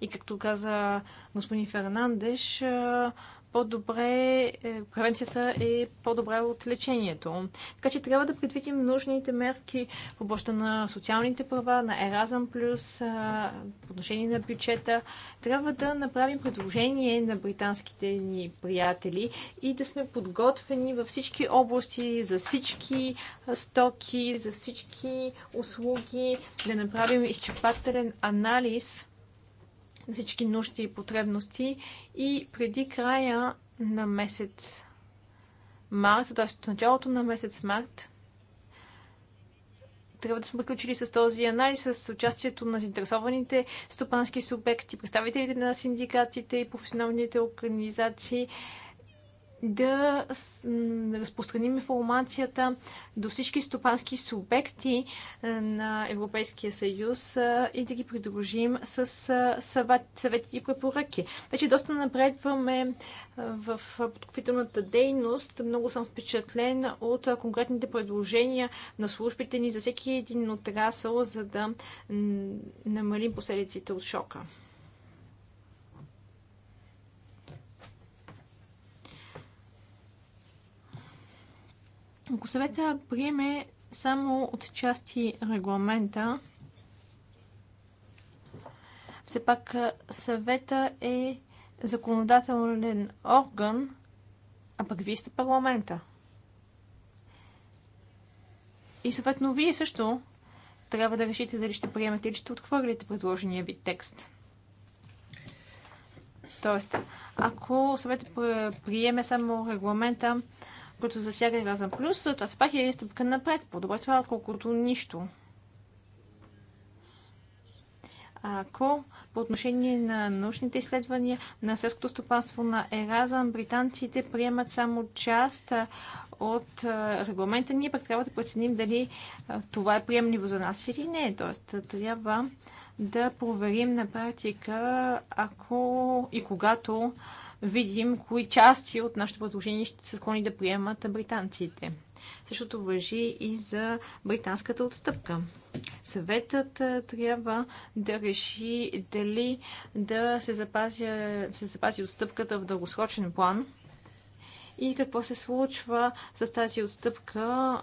И както каза господин Фернандеш, а, по-добре, е, превенцията е по-добре от лечението. Така че трябва да предвидим нужните мерки в областта на социалните права, на Еразъм Плюс, по отношение на бюджета. Трябва да направим предложение на британските ни приятели и да сме подготвени във всички области, за всички стоки, за всички услуги, да направим изчерпателен анализ на всички нужди и потребности и преди края на месец март, т.е. от началото на месец март, трябва да сме приключили с този анализ, с участието на заинтересованите стопански субекти, представителите на синдикатите и професионалните организации, да разпространим информацията до всички стопански субекти е, на Европейския съюз е, и да ги придружим с е, съвет, съвети и препоръки. Вече значи, доста напредваме в подкупителната дейност. Много съм впечатлен от конкретните предложения на службите ни за всеки един отрасъл, за да намалим последиците от шока. Ако съвета приеме само от части регламента, все пак съвета е законодателен орган, а пък вие сте парламента. И съответно вие също трябва да решите дали ще приемете или ще отхвърлите предложения ви текст. Тоест, ако съветът приеме само регламента, които засяга Еразъм Плюс, това се пак е стъпка напред. По-добре това, отколкото нищо. Ако по отношение на научните изследвания на селското стопанство на Еразъм, британците приемат само част от регламента, ние пък трябва да преценим дали това е приемливо за нас или не. Тоест, трябва да проверим на практика, ако и когато видим кои части от нашето предложение ще се склони да приемат британците. Същото въжи и за британската отстъпка. Съветът трябва да реши дали да се запази, се запази отстъпката в дългосрочен план и какво се случва с тази отстъпка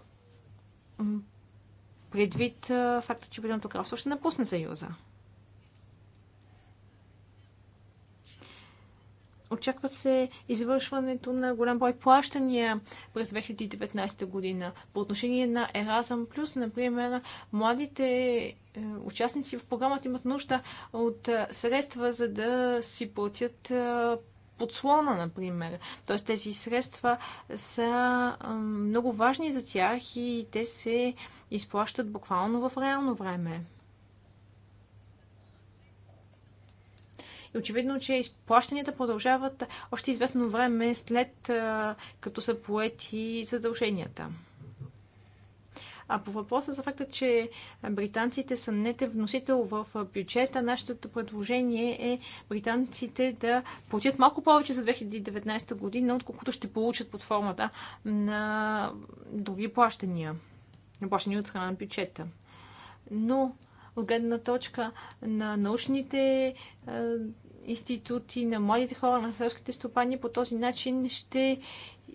предвид факта, че Обединеното кралство ще напусне Съюза. Очаква се извършването на голям брой плащания през 2019 година. По отношение на Еразъм плюс, например, младите е, участници в програмата имат нужда от е, средства, за да си платят е, подслона, например. Т.е. тези средства са много важни за тях и те се изплащат буквално в реално време. И очевидно, че изплащанията продължават още известно време след като са поети задълженията. А по въпроса за факта, че британците са нете вносител в бюджета, нашето предложение е британците да платят малко повече за 2019 година, отколкото ще получат под формата на други плащания, на плащания от страна на бюджета. Но от гледна точка на научните институти, на младите хора, на селските стопани. По този начин ще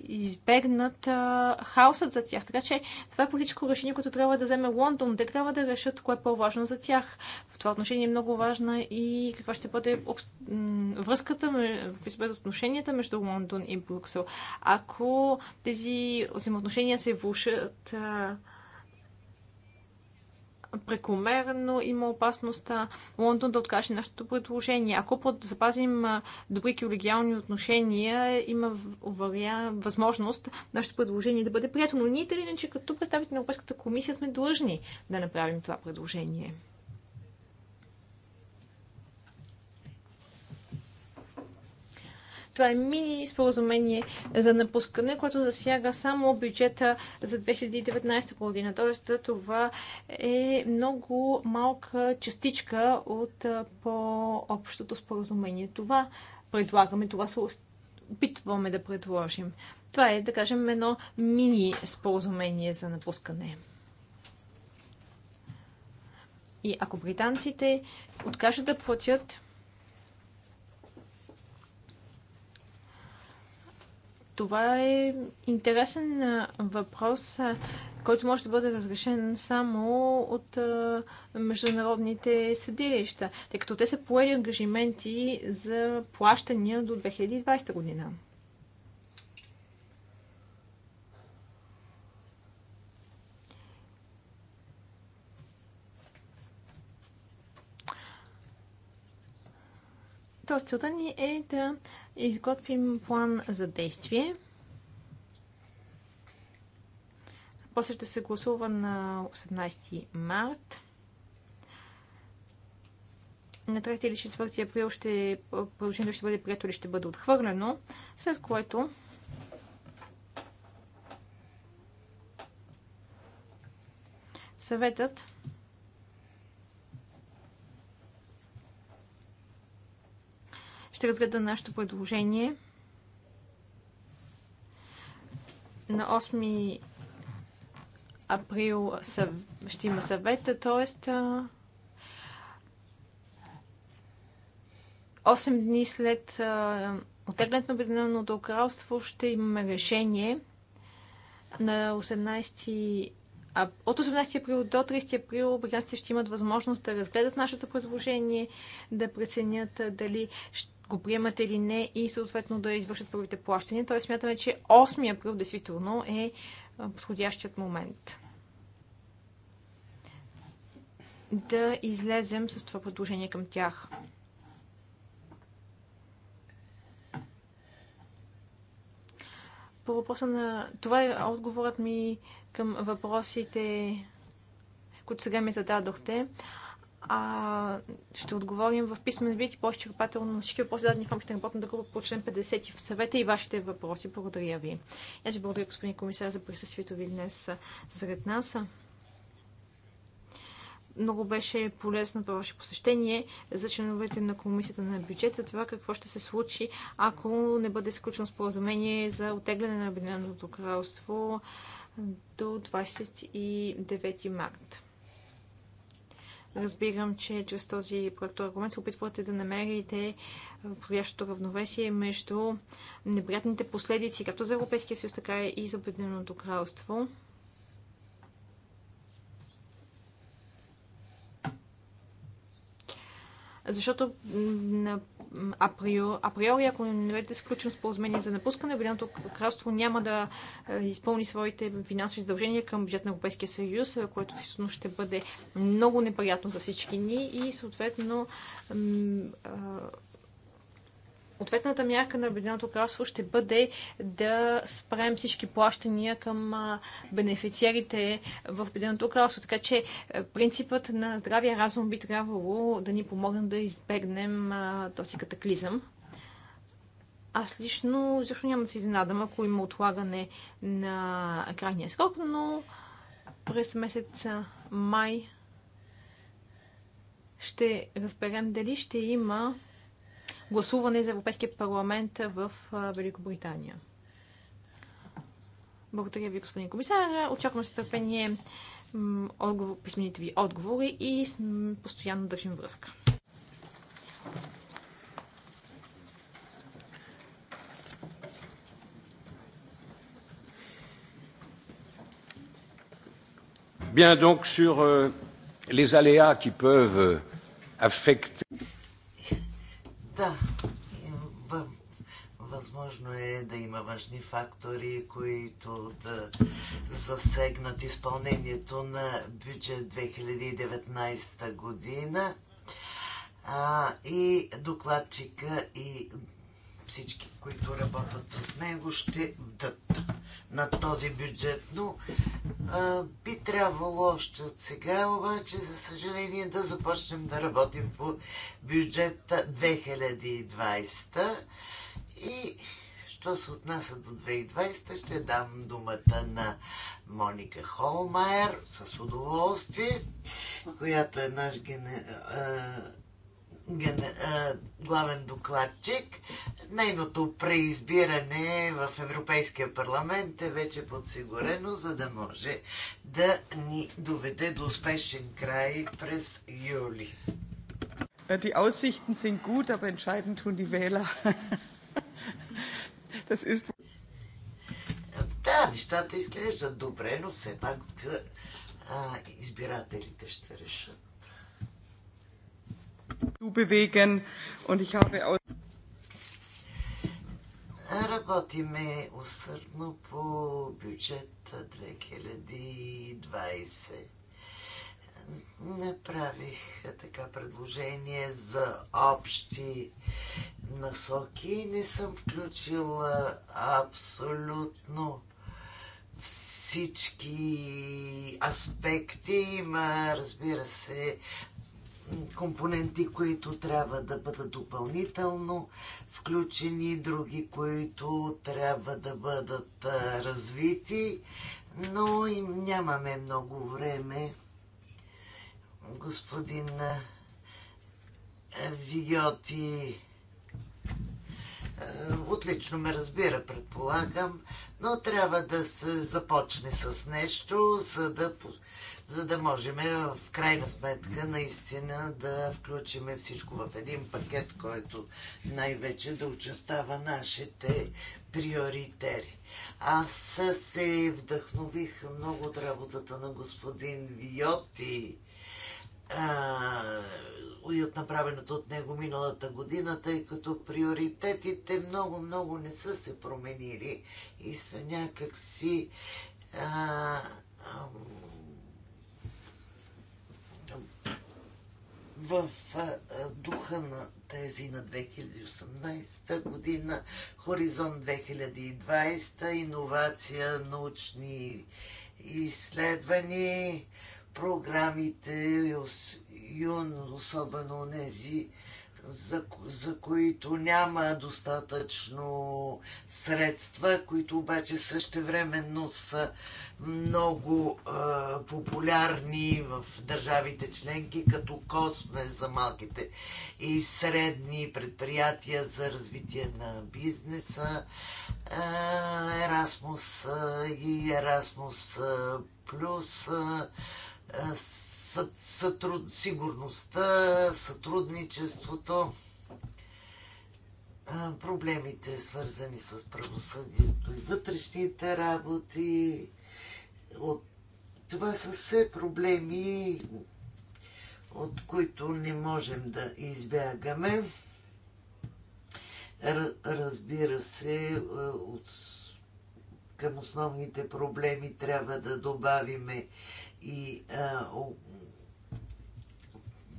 избегнат а, хаосът за тях. Така че това е политическо решение, което трябва да вземе Лондон. Те трябва да решат кое е по-важно за тях. В това отношение е много важна и каква ще бъде об... връзката, в отношенията между Лондон и Брюксел. Ако тези взаимоотношения се влушат, а прекомерно има опасността Лондон да откаже нашето предложение. Ако запазим добри колегиални отношения, има възможност нашето предложение да бъде приятно. Но ние, иначе, като представители на Европейската комисия, сме длъжни да направим това предложение. Това е мини споразумение за напускане, което засяга само бюджета за 2019 година. Тоест, това е много малка частичка от по-общото споразумение. Това предлагаме, това се опитваме да предложим. Това е, да кажем, едно мини споразумение за напускане. И ако британците откажат да платят, Това е интересен въпрос, който може да бъде разрешен само от международните съдилища, тъй като те са поели ангажименти за плащания до 2020 година. Тоест, целта ни е да изготвим план за действие. После ще се гласува на 18 март. На 3 или 4 април ще продължението ще бъде прието или ще бъде отхвърлено, след което съветът ще разгледа нашето предложение на 8 април ще има съвета, т.е. 8 дни след отеглянето на Обединеното кралство ще имаме решение на 18 а от 18 април до 30 април обригадците ще имат възможност да разгледат нашето предложение, да преценят дали ще го приемат или не и съответно да извършат първите плащания. Тоест смятаме, че 8 април действително е подходящият момент да излезем с това предложение към тях. По въпроса на... Това е отговорът ми към въпросите, които сега ми зададохте а, ще отговорим в писмен вид и по-изчерпателно на всички въпроси, дадени в рамките на работната група по член 50 в съвета и вашите въпроси. Благодаря ви. Аз ви благодаря, господин комисар, за присъствието ви днес сред нас. Много беше полезно това ваше посещение за членовете на комисията на бюджет за това какво ще се случи, ако не бъде сключено споразумение за отегляне на Обединеното кралство до 29 марта. Разбирам, че чрез този аргумент се опитвате да намерите е, подходящото равновесие между неприятните последици, както за Европейския съюз, така и за Обединеното кралство. Защото на априори, ако не бъде сключено споразумение за напускане, Обединеното кралство няма да е, изпълни своите финансови задължения към бюджет на Европейския съюз, е, което всъщност ще бъде много неприятно за всички ни и съответно ответната мярка на Обединеното кралство ще бъде да спрем всички плащания към бенефициерите в Обединеното кралство. Така че принципът на здравия разум би трябвало да ни помогне да избегнем този катаклизъм. Аз лично също няма да се изненадам, ако има отлагане на крайния срок, но през месец май ще разберем дали ще има гласуване за Европейския парламент в Великобритания. Благодаря ви, господин комисар. Очакваме с търпение отговор, писмените ви отговори и постоянно държим връзка. Bien, donc sur euh, les aléas qui peuvent euh, affecter. Да, е, възможно е да има важни фактори, които да засегнат изпълнението на бюджет 2019 година. А, и докладчика и всички, които работят с него, ще дадат на този бюджет. Но а, би трябвало още от сега, обаче, за съжаление, да започнем да работим по бюджета 2020. И що се отнася до 2020, ще дам думата на Моника Холмайер с удоволствие, която е наш ген главен докладчик. Нейното преизбиране в Европейския парламент е вече подсигурено, за да може да ни доведе до успешен край през юли. Е, die Aussichten sind gut, aber entscheiden tun die Wähler. Das ist... Да, нещата изглеждат добре, но все пак а, избирателите ще решат. Работиме усърдно по бюджет 2020. Направих така предложение за общи насоки. Не съм включила абсолютно всички аспекти. Има, разбира се, компоненти, които трябва да бъдат допълнително включени, други, които трябва да бъдат развити, но им нямаме много време. Господин Вигиоти отлично ме разбира, предполагам, но трябва да се започне с нещо, за да за да можем в крайна сметка наистина да включим всичко в един пакет, който най-вече да очертава нашите приоритери. Аз се вдъхнових много от работата на господин Виоти и от направеното от него миналата година, тъй като приоритетите много-много не са се променили и са някакси а, а, в духа на тези на 2018 година, Хоризонт 2020, иновация, научни изследвания, програмите, особено нези, за, за които няма достатъчно средства, които обаче същевременно са много е, популярни в държавите членки, като Косме за малките и средни предприятия за развитие на бизнеса, е, Erasmus и Erasmus Plus. Е, сътруд, сигурността, сътрудничеството, проблемите свързани с правосъдието и вътрешните работи. От... Това са все проблеми, от които не можем да избягаме. Разбира се, е, от... към основните проблеми трябва да добавиме и а,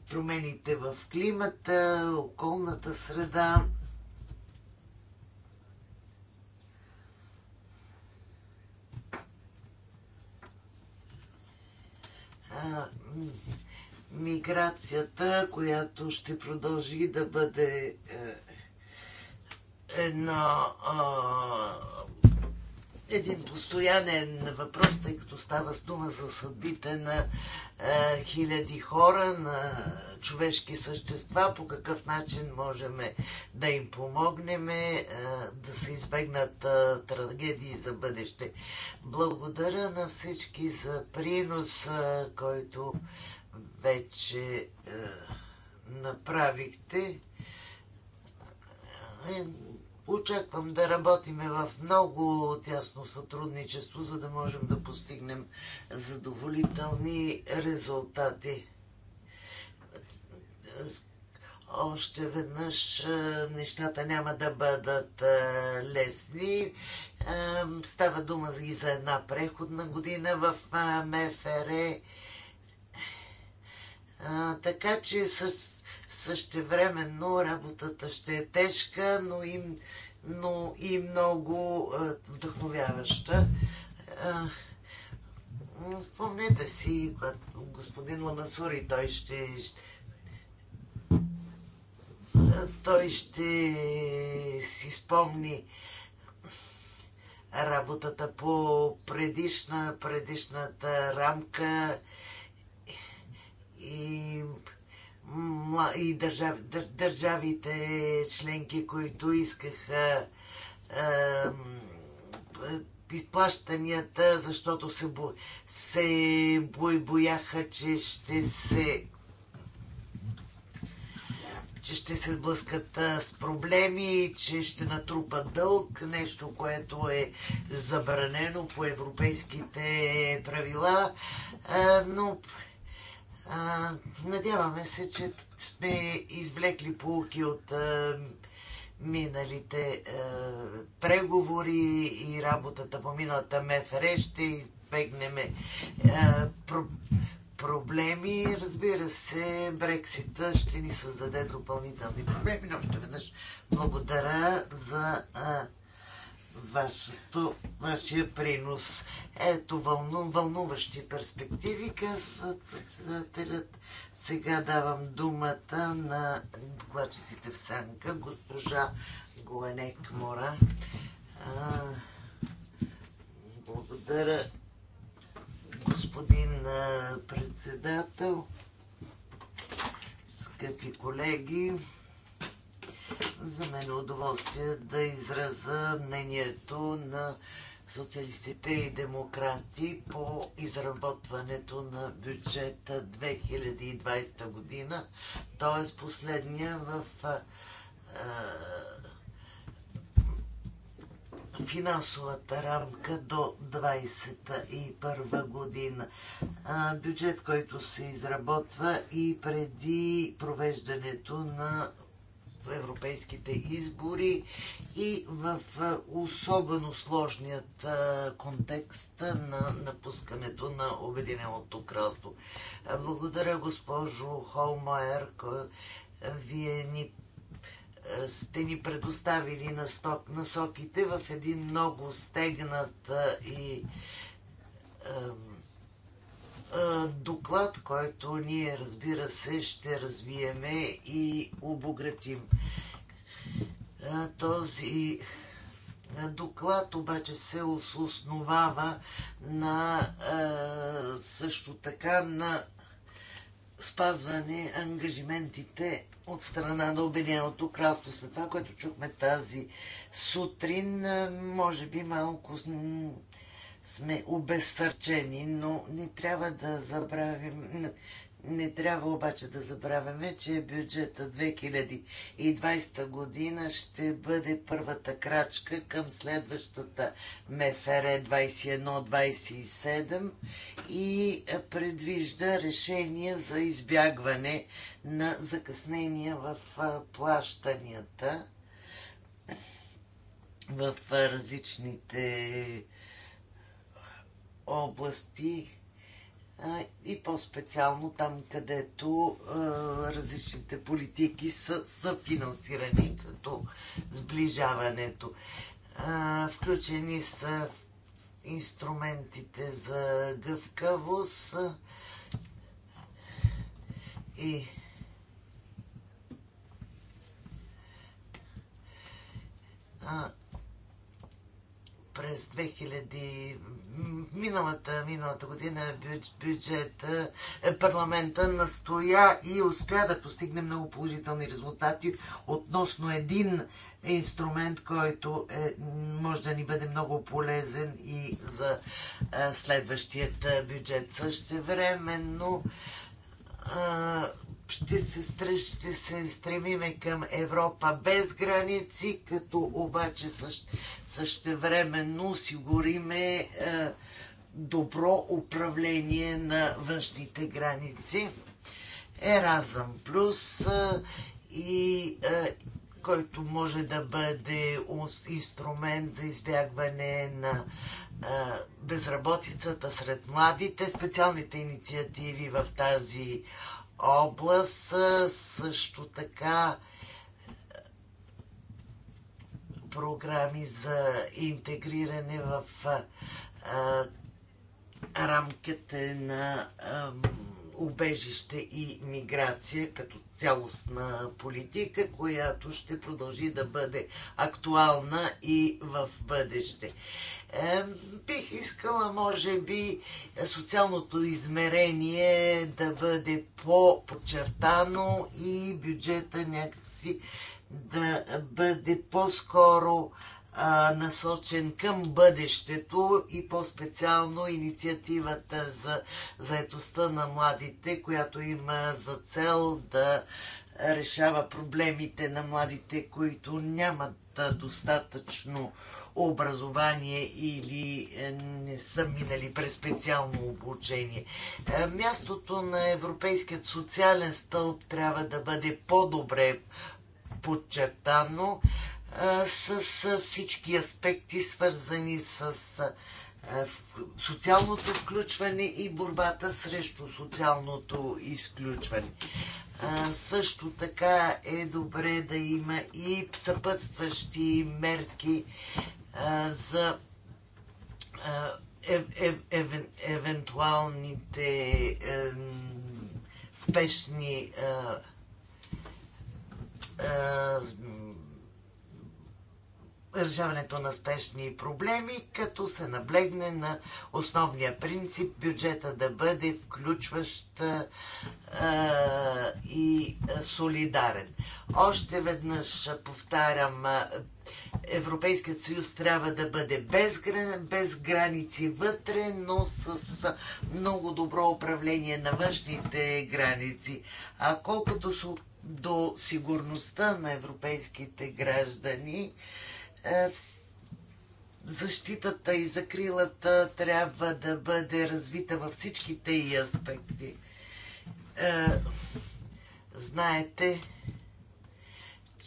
промените в климата, околната среда. миграцията, която ще продължи да бъде е, едно един постоянен въпрос, тъй като става с дума за съдбите на е, хиляди хора, на човешки същества, по какъв начин можем да им помогнем е, да се избегнат е, трагедии за бъдеще. Благодаря на всички за принос, е, който вече е, направихте. Е, Очаквам да работиме в много тясно сътрудничество, за да можем да постигнем задоволителни резултати. Още веднъж е, нещата няма да бъдат е, лесни. Е, става дума и за една преходна година в МФР. Така че с Същевременно работата ще е тежка, но и, но и много вдъхновяваща. Спомнете си, господин Ламасури, той ще, той ще си спомни работата по предишна, предишната рамка и и държав, дър, държавите членки, които искаха изплащанията, защото се, бо, се бой, бояха, че ще се че ще се сблъскат с проблеми, че ще натрупат дълг, нещо, което е забранено по европейските правила, но надяваме се, че сме извлекли полуки от миналите преговори и работата по миналата МФР. Ще избегнем проблеми. Разбира се, Брексита ще ни създаде допълнителни проблеми. Но още веднъж благодаря за а, вашето, вашия принос. Ето вълну, вълнуващи перспективи, казва председателят. Сега давам думата на докладчиците в Санка, госпожа Гуанек Мора. А, благодаря, господин председател, скъпи колеги. За мен е удоволствие да израза мнението на социалистите и демократи по изработването на бюджета 2020 година, т.е. последния в финансовата рамка до 2021 година. Бюджет, който се изработва и преди провеждането на европейските избори и в особено сложният контекст на напускането на Обединеното кралство. Благодаря, госпожо Холмайер. Вие ни сте ни предоставили насоките в един много стегнат и доклад, който ние, разбира се, ще развиеме и обогратим. Този доклад обаче се основава на също така на спазване ангажиментите от страна на Обединеното кралство. След това, което чухме тази сутрин, може би малко сме обезсърчени, но не трябва да забравим, не трябва обаче да забравяме, че бюджета 2020 година ще бъде първата крачка към следващата МФР 21-27 и предвижда решение за избягване на закъснения в плащанията в различните области и по-специално там, където различните политики са, са финансирани, като сближаването. Включени са инструментите за гъвкавост и а, през 2000, миналата, миналата година бюджет, е, парламента настоя и успя да постигне много положителни резултати относно един инструмент, който е, може да ни бъде много полезен и за е, следващият е, бюджет. Също времено ще се, ще се стремиме към Европа без граници, като обаче същевременно осигуриме е, добро управление на външните граници. Еразъм Плюс е, и е, който може да бъде инструмент за избягване на е, безработицата сред младите, специалните инициативи в тази област, също така програми за интегриране в а, рамките на а, убежище и миграция, като цялостна политика, която ще продължи да бъде актуална и в бъдеще. Е, бих искала, може би, социалното измерение да бъде по-подчертано и бюджета някакси да бъде по-скоро а, насочен към бъдещето и по-специално инициативата за заетостта на младите, която има за цел да решава проблемите на младите, които нямат достатъчно образование или е, не са минали през специално обучение. Е, мястото на Европейският социален стълб трябва да бъде по-добре подчертано, с всички аспекти, свързани с социалното включване и борбата срещу социалното изключване. Също така е добре да има и съпътстващи мерки за евентуалните спешни решаването на спешни проблеми, като се наблегне на основния принцип бюджета да бъде включващ а, и солидарен. Още веднъж повтарям, Европейският съюз трябва да бъде без, без граници вътре, но с много добро управление на външните граници. А колкото до сигурността на европейските граждани, е, защитата и закрилата трябва да бъде развита във всичките и аспекти. Е, знаете,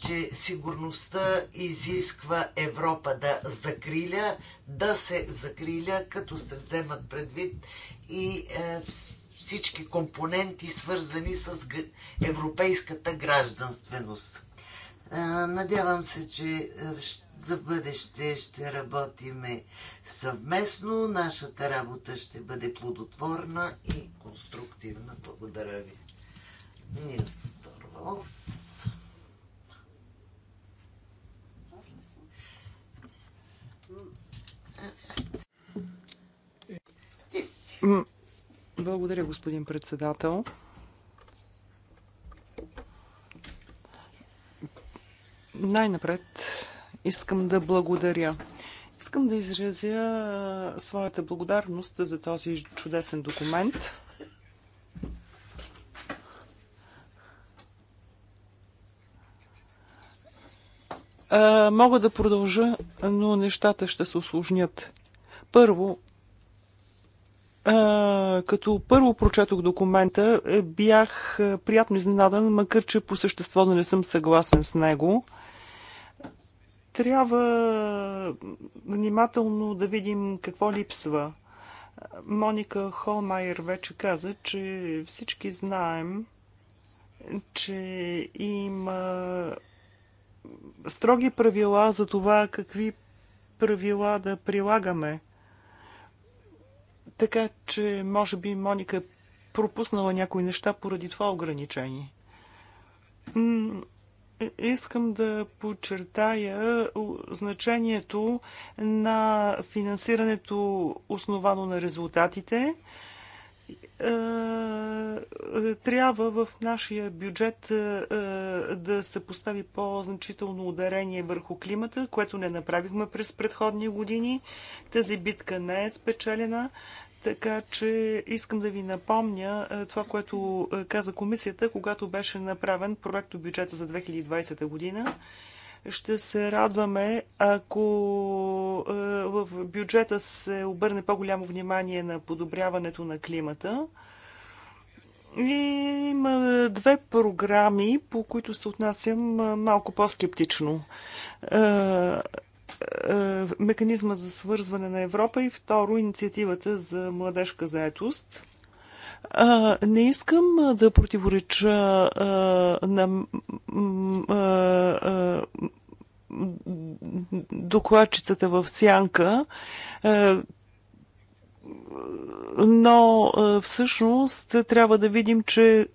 че сигурността изисква Европа да закриля, да се закриля, като се вземат предвид и е, всички компоненти, свързани с европейската гражданственост. Надявам се, че за бъдеще ще работиме съвместно. Нашата работа ще бъде плодотворна и конструктивна. Благодаря ви. Нилс Торвалс. Благодаря, господин председател. Най-напред искам да благодаря. Искам да изразя своята благодарност за този чудесен документ. мога да продължа, но нещата ще се осложнят. Първо, като първо прочетох документа, е, бях приятно изненадан, макар че по същество да не съм съгласен с него. Трябва внимателно да видим какво липсва. Моника Холмайер вече каза, че всички знаем, че има строги правила за това какви правила да прилагаме. Така че, може би, Моника е пропуснала някои неща поради това ограничение. Искам да подчертая значението на финансирането основано на резултатите. Е, трябва в нашия бюджет е, да се постави по-значително ударение върху климата, което не направихме през предходни години. Тази битка не е спечелена. Така че искам да ви напомня е, това, което е, каза комисията, когато беше направен проект бюджета за 2020 година. Ще се радваме, ако е, в бюджета се обърне по-голямо внимание на подобряването на климата. И има две програми, по които се отнасям малко по-скептично. Е, механизма за свързване на Европа и второ инициативата за младежка заетост. А, не искам да противореча а, на докладчицата в сянка, а, но а, всъщност трябва да видим, че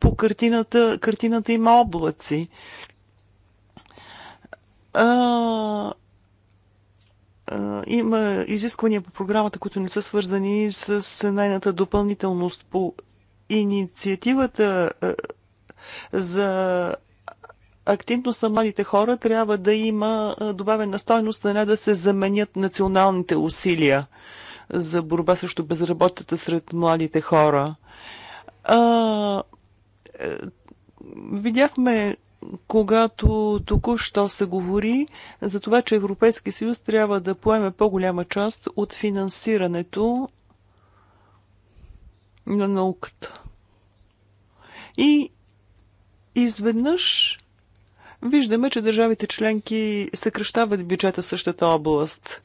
по картината, картината има облаци. А, има изисквания по програмата, които не са свързани с нейната допълнителност по инициативата за активност на младите хора трябва да има добавена стойност, а не да се заменят националните усилия за борба срещу безработата сред младите хора. А, е, видяхме когато току-що се говори за това, че Европейски съюз трябва да поеме по-голяма част от финансирането на науката. И изведнъж виждаме, че държавите членки съкръщават бюджета в същата област.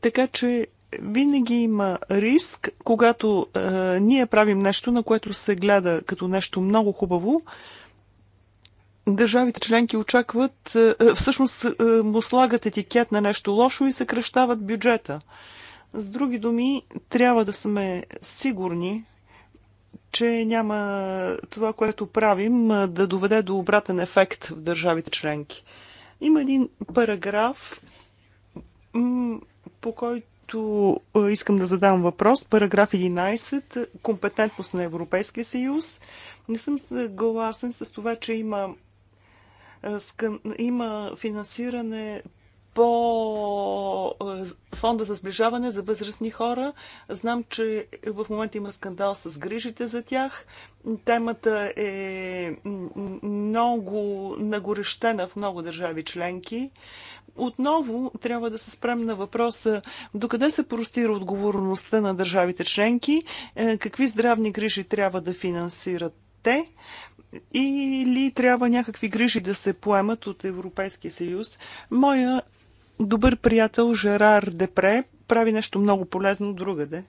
Така че винаги има риск, когато е, ние правим нещо, на което се гледа като нещо много хубаво, държавите членки очакват, е, е, всъщност е, му слагат етикет на нещо лошо и съкръщават бюджета. С други думи, трябва да сме сигурни, че няма това, което правим, да доведе до обратен ефект в държавите членки. Има един параграф, по който искам да задам въпрос. Параграф 11. Компетентност на Европейския съюз. Не съм съгласен с това, че има е, има финансиране по е, фонда за сближаване за възрастни хора. Знам, че в момента има скандал с грижите за тях. Темата е много нагорещена в много държави членки. Отново трябва да се спрем на въпроса докъде се простира отговорността на държавите членки, е, какви здравни грижи трябва да финансират те или трябва някакви грижи да се поемат от Европейския съюз. Моя добър приятел Жерар Депре прави нещо много полезно другаде.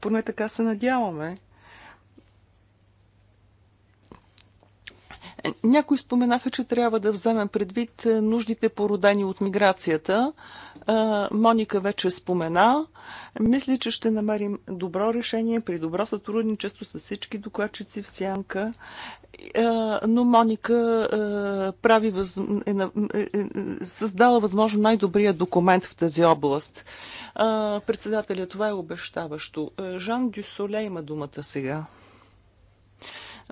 Поне така се надяваме. Някои споменаха, че трябва да вземем предвид нуждите породени от миграцията. Моника вече спомена. Мисля, че ще намерим добро решение при добро сътрудничество с всички докладчици в Сянка. Но Моника прави въз... Е, е, е, създала възможно най-добрия документ в тази област. Председателя, това е обещаващо. Жан Дюсоле има думата сега.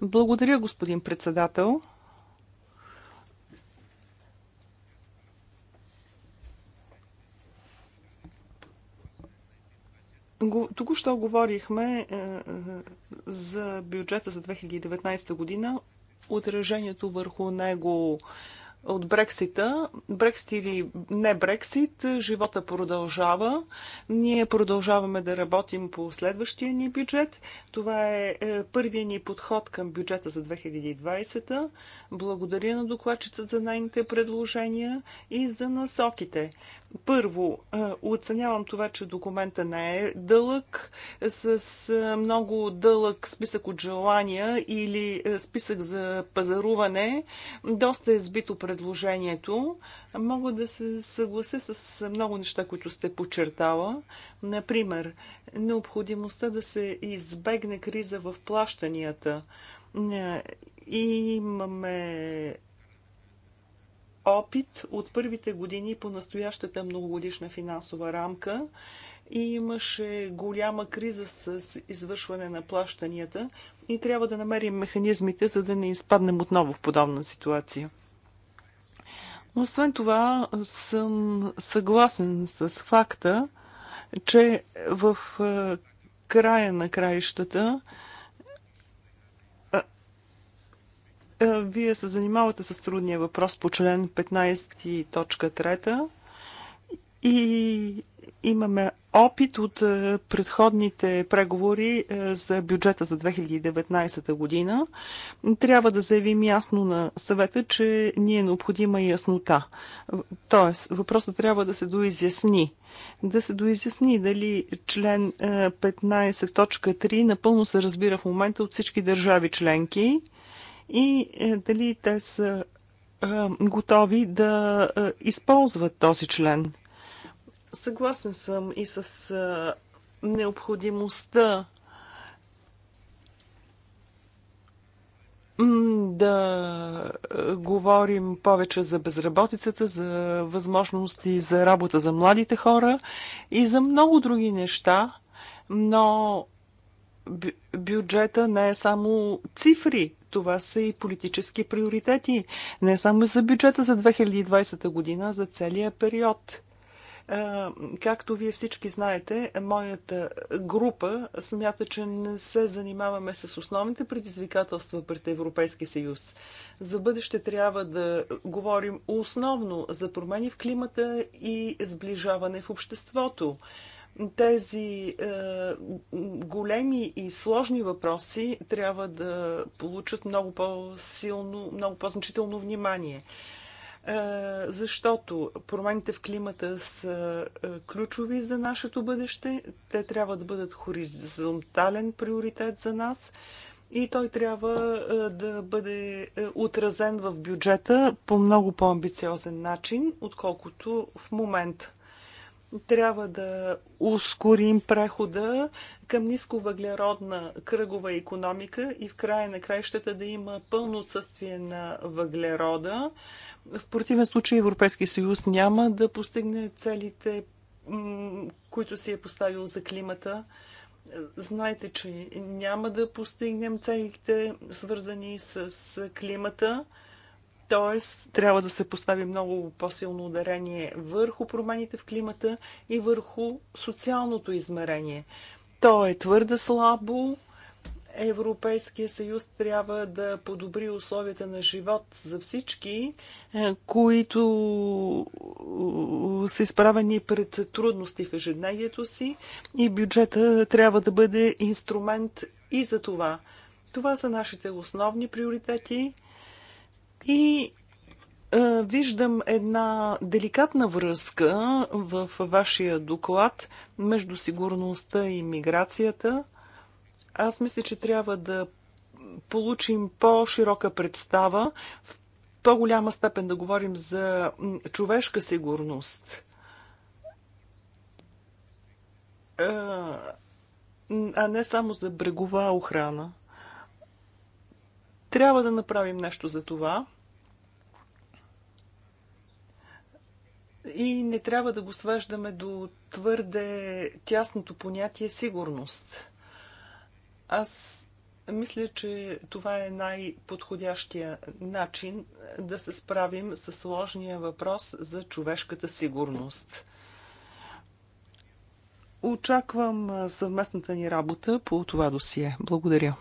Благодаря, господин председател. Току-що говорихме е, е, за бюджета за 2019 година, отражението върху него от Брексита, Брексит или не Брексит, живота продължава. Ние продължаваме да работим по следващия ни бюджет. Това е, е първия ни подход към бюджета за 2020. Благодаря на докладчицата за нейните предложения и за насоките. Първо, оценявам това, че документа не е дълъг, с много дълъг списък от желания или списък за пазаруване. Доста е сбито предложението. Мога да се съглася с много неща, които сте подчертала. Например, необходимостта да се избегне криза в плащанията. Имаме опит от първите години по настоящата многогодишна финансова рамка и имаше голяма криза с извършване на плащанията и трябва да намерим механизмите, за да не изпаднем отново в подобна ситуация. Но освен това съм съгласен с факта, че в е, края на краищата Е, вие се занимавате с трудния въпрос по член 15.3, и имаме опит от е, предходните преговори е, за бюджета за 2019 година. Трябва да заявим ясно на съвета, че ни е необходима яснота. Тоест, въпросът трябва да се доизясни. Да се доизясни дали член 15.3 напълно се разбира в момента от всички държави членки и е, дали те са е, готови да е, използват този член. Съгласен съм и с необходимостта да говорим повече за безработицата, за възможности за работа за младите хора и за много други неща, но бюджета не е само цифри това са и политически приоритети, не само за бюджета за 2020 година, за целия период. Както вие всички знаете, моята група смята, че не се занимаваме с основните предизвикателства пред Европейски съюз. За бъдеще трябва да говорим основно за промени в климата и сближаване в обществото тези е, големи и сложни въпроси трябва да получат много по-силно, много по-значително внимание. Е, защото промените в климата са е, ключови за нашето бъдеще. Те трябва да бъдат хоризонтален приоритет за нас и той трябва е, да бъде е, отразен в бюджета по много по-амбициозен начин, отколкото в момента. Трябва да ускорим прехода към нисковъглеродна кръгова економика и в края на краищата да има пълно отсъствие на въглерода. В противен случай Европейския съюз няма да постигне целите, които си е поставил за климата. Знаете, че няма да постигнем целите, свързани с климата. Тоест, трябва да се постави много по-силно ударение върху промените в климата и върху социалното измерение. То е твърде слабо. Европейския съюз трябва да подобри условията на живот за всички, е, които е, са изправени пред трудности в ежедневието си и бюджета трябва да бъде инструмент и за това. Това са нашите основни приоритети и е, виждам една деликатна връзка в вашия доклад между сигурността и миграцията. Аз мисля, че трябва да получим по-широка представа, в по-голяма степен да говорим за човешка сигурност. Е, а не само за брегова охрана. Трябва да направим нещо за това. и не трябва да го свеждаме до твърде тясното понятие сигурност. Аз мисля, че това е най-подходящия начин да се справим с сложния въпрос за човешката сигурност. Очаквам съвместната ни работа по това досие. Благодаря.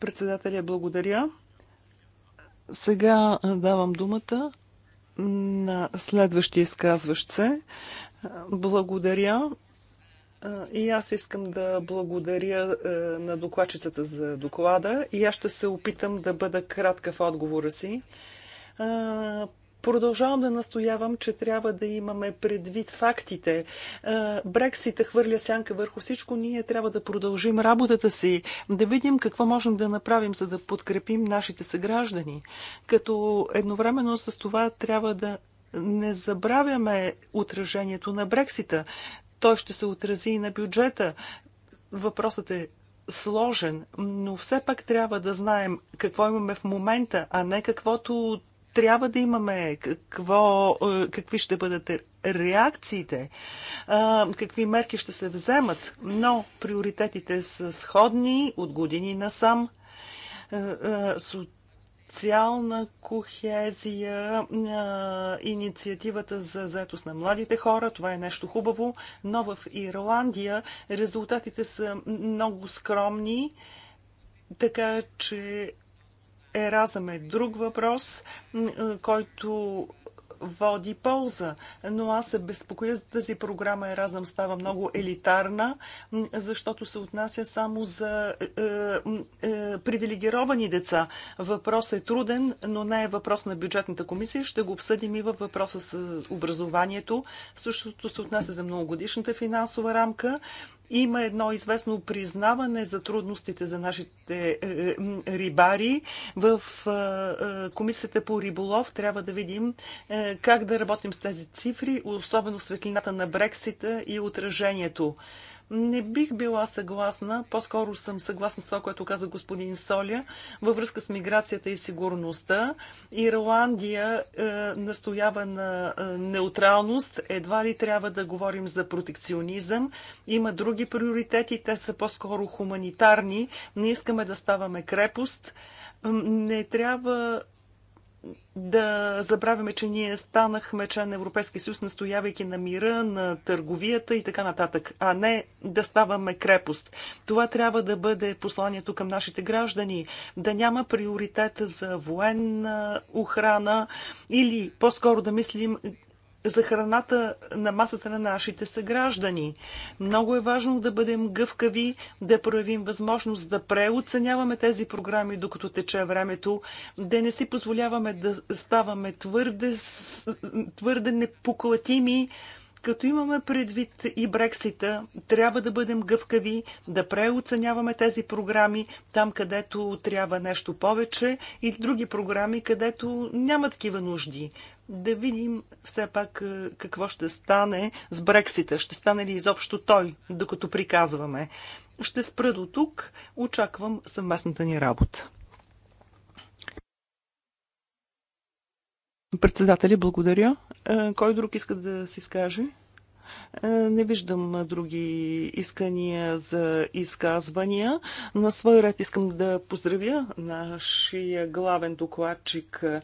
Председателя, благодаря. Сега давам думата на следващия изказващ се. Благодаря. И аз искам да благодаря на докладчицата за доклада и аз ще се опитам да бъда кратка в отговора си. Продължавам да настоявам, че трябва да имаме предвид фактите. Е, Брексита хвърля сянка върху всичко. Ние трябва да продължим работата си, да видим какво можем да направим, за да подкрепим нашите съграждани. Като едновременно с това трябва да не забравяме отражението на Брексита. Той ще се отрази и на бюджета. Въпросът е сложен, но все пак трябва да знаем какво имаме в момента, а не каквото трябва да имаме какво, е, какви ще бъдат реакциите, е, какви мерки ще се вземат, но приоритетите са сходни от години насам. Е, социална кохезия, инициативата за заетост на младите хора, това е нещо хубаво, но в Ирландия резултатите са много скромни. Така че Еразъм е друг въпрос, който води полза. Но аз се безпокоя, за тази програма Еразъм става много елитарна, защото се отнася само за е, е, е привилегировани деца. Въпрос е труден, но не е въпрос на бюджетната комисия. Ще го обсъдим и във въпроса с образованието. Същото се отнася за многогодишната финансова рамка има едно известно признаване за трудностите за нашите е, е, рибари. В е, Комисията по риболов трябва да видим как да работим с тези цифри, особено в светлината на Брексита и отражението. Не бих била съгласна, по-скоро съм съгласна с това, което каза господин Соля, във връзка с миграцията и сигурността. Ирландия е, настоява на е, неутралност, едва ли трябва да говорим за протекционизъм. Има други приоритети, те са по-скоро хуманитарни. Не искаме да ставаме крепост. Не трябва да забравяме, че ние станахме член на Европейския съюз, настоявайки на мира, на търговията и така нататък, а не да ставаме крепост. Това трябва да бъде посланието към нашите граждани, да няма приоритет за военна охрана или по-скоро да мислим за храната на масата на нашите съграждани. Много е важно да бъдем гъвкави, да проявим възможност да преоценяваме тези програми, докато тече времето, да не си позволяваме да ставаме твърде, твърде непоклатими, като имаме предвид и Брексита, трябва да бъдем гъвкави, да преоценяваме тези програми там, където трябва нещо повече и други програми, където няма такива нужди да видим все пак е, какво ще стане с Брексита. Ще стане ли изобщо той, докато приказваме. Ще спра до тук. Очаквам съвместната ни работа. Председатели, благодаря. Е, кой друг иска да се изкаже? Е, не виждам други искания за изказвания. На свой ред искам да поздравя нашия главен докладчик. Е,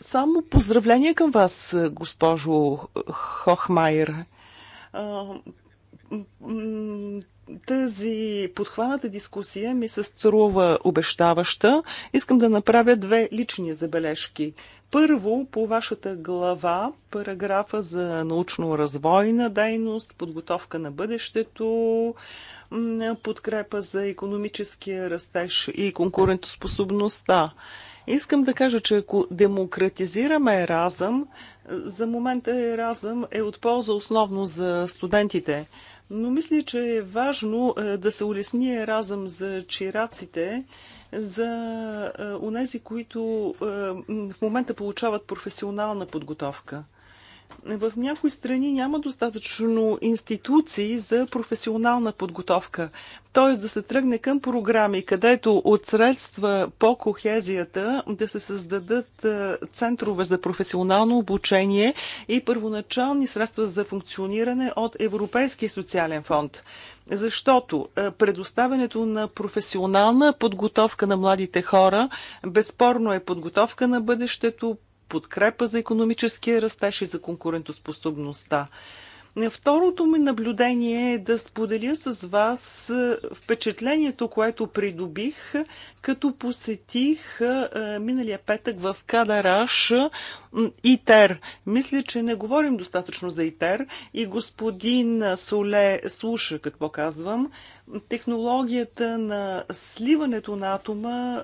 само поздравление към вас, госпожо Хохмайер е, тази подхваната дискусия ми се струва обещаваща. Искам да направя две лични забележки. Първо, по вашата глава, параграфа за научно-развойна дейност, подготовка на бъдещето, подкрепа за економическия растеж и конкурентоспособността. Искам да кажа, че ако демократизираме разъм, за момента разъм е от полза основно за студентите. Но мисля, че е важно е, да се улесни разъм за чираците, за е, онези, които е, в момента получават професионална подготовка. В някои страни няма достатъчно институции за професионална подготовка, т.е. да се тръгне към програми, където от средства по кохезията да се създадат е, центрове за професионално обучение и първоначални средства за функциониране от Европейския социален фонд защото е, предоставянето на професионална подготовка на младите хора безспорно е подготовка на бъдещето, подкрепа за економическия растеж и за конкурентоспособността. Второто ми наблюдение е да споделя с вас е, впечатлението, което придобих, като посетих е, е, миналия петък в Кадараш ИТЕР. Мисля, че не говорим достатъчно за ИТЕР и господин Соле слуша какво казвам. Технологията на сливането на атома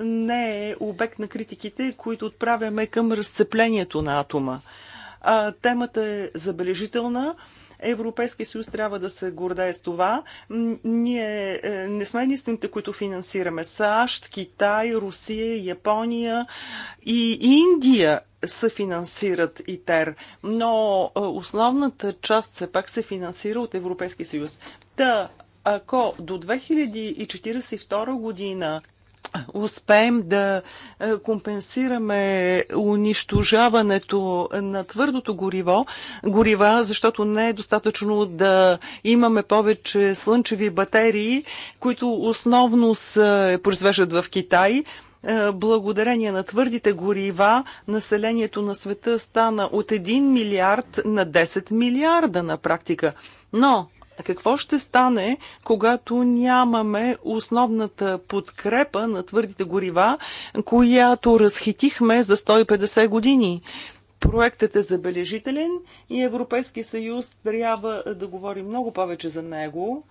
не е обект на критиките, които отправяме към разцеплението на атома. А, темата е забележителна. Европейския съюз трябва да се гордее с това. Ние е, не сме единствените, които финансираме. САЩ, Китай, Русия, Япония и Индия се финансират ИТЕР, но е, основната част все пак се финансира от Европейския съюз. Та, ако до 2042 година успеем да е, компенсираме унищожаването на твърдото гориво, горива, защото не е достатъчно да имаме повече слънчеви батерии, които основно се произвеждат в Китай. Е, благодарение на твърдите горива, населението на света стана от 1 милиард на 10 милиарда на практика. Но какво ще стане, когато нямаме основната подкрепа на твърдите горива, която разхитихме за 150 години? Проектът е забележителен и Европейски съюз трябва да говори много повече за него.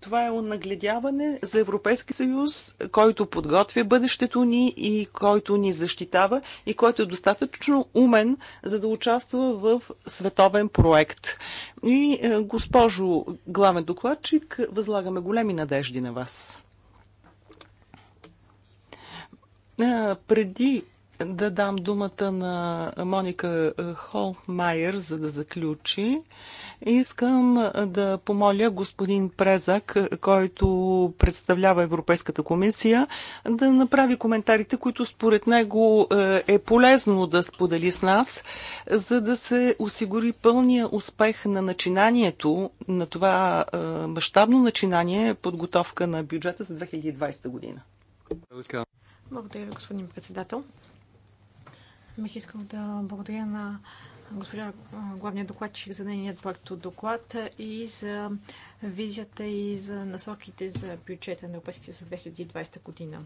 Това е нагледяване за Европейски съюз, който подготвя бъдещето ни и който ни защитава и който е достатъчно умен, за да участва в световен проект. И, е, госпожо главен докладчик, възлагаме големи надежди на вас. Е, преди да дам думата на Моника Холмайер, за да заключи. Искам да помоля господин Презак, който представлява Европейската комисия, да направи коментарите, които според него е, е полезно да сподели с нас, за да се осигури пълния успех на начинанието, на това е, мащабно начинание, подготовка на бюджета за 2020 година. Благодаря ви, господин председател. Бих искал да благодаря на госпожа главния докладчик за нейният проект доклад и за визията и за насоките за бюджета на Европейския за 2020 година.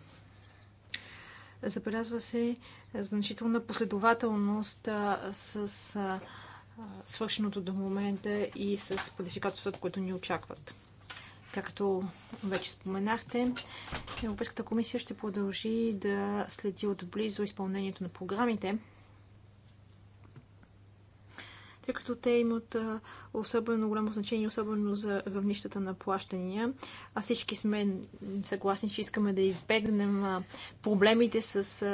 Забелязва се значителна последователност с свършеното до момента и с предизвикателствата, които ни очакват. Както вече споменахте, Европейската комисия ще продължи да следи отблизо изпълнението на програмите, тъй като те имат особено голямо значение, особено за равнищата на плащания. А всички сме съгласни, че искаме да избегнем проблемите с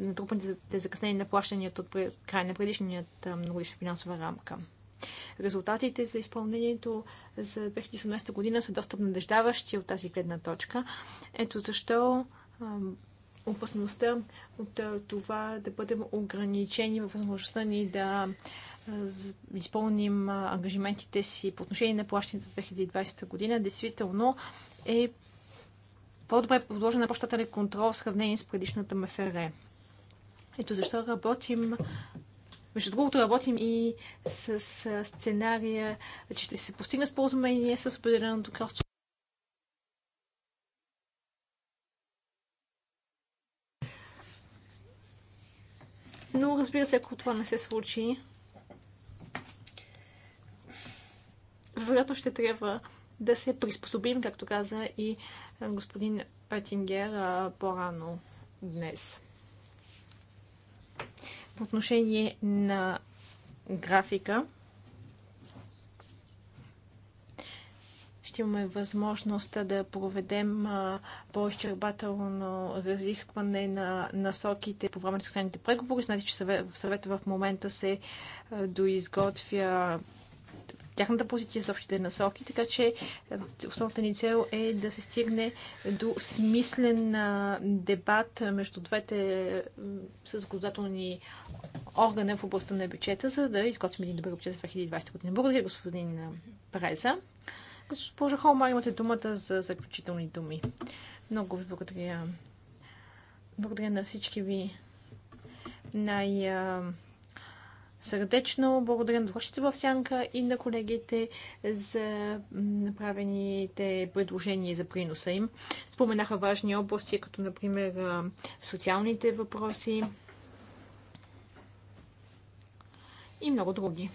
натрупаните закъснения на плащанията от край на предишният годишна финансова рамка. Резултатите за изпълнението за 2018 година са доста надеждаващи от тази гледна точка. Ето защо опасността от това да бъдем ограничени във възможността ни да изпълним ангажиментите си по отношение на плащането за 2020 година, действително е по-добре подложена на по контрол в сравнение с предишната МФР. Ето защо работим между другото, работим и с, сценария, че ще се постигне споразумение с определеното кралство. Но разбира се, ако това не се случи, вероятно ще трябва да се приспособим, както каза и господин Оттингер по-рано днес. По отношение на графика, ще имаме възможност да проведем по-изчерпателно разискване на насоките по време на състояните преговори. Знаете, че в съвета в момента се доизготвя тяхната позиция за общите насоки, така че е, основната ни цел е да се стигне до смислен дебат между двете съзгодателни органа в областта на бюджета, за да изготвим един добър бюджет за 2020 година. Благодаря, господин Преза. Госпожа Холма, имате думата за заключителни думи. Много ви благодаря. Благодаря на всички ви най- сърдечно. Благодаря на докладчите в Сянка и на колегите за направените предложения за приноса им. Споменаха важни области, като например социалните въпроси и много други.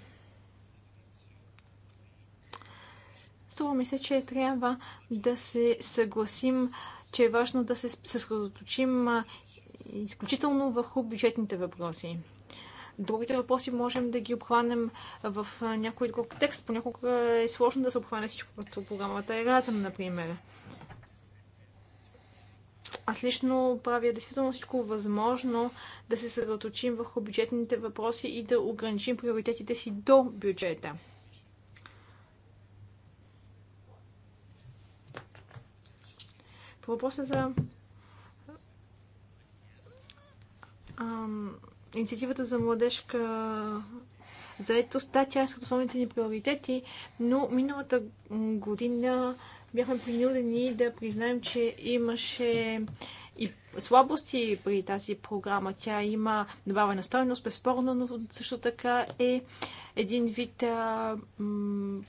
Струва ми се, че трябва да се съгласим, че е важно да се съсредоточим изключително върху бюджетните въпроси. Другите въпроси можем да ги обхванем в някой друг текст. Понякога е сложно да се обхване всичко, като програмата е разъм, например. Аз лично правя действително всичко възможно да се съсредоточим върху бюджетните въпроси и да ограничим приоритетите си до бюджета. По въпроса за ам, инициативата за младежка заедост. да, тя е сред основните ни приоритети, но миналата година бяхме принудени да признаем, че имаше и слабости при тази програма. Тя има добавена стойност, безспорно, но също така е един вид а, м-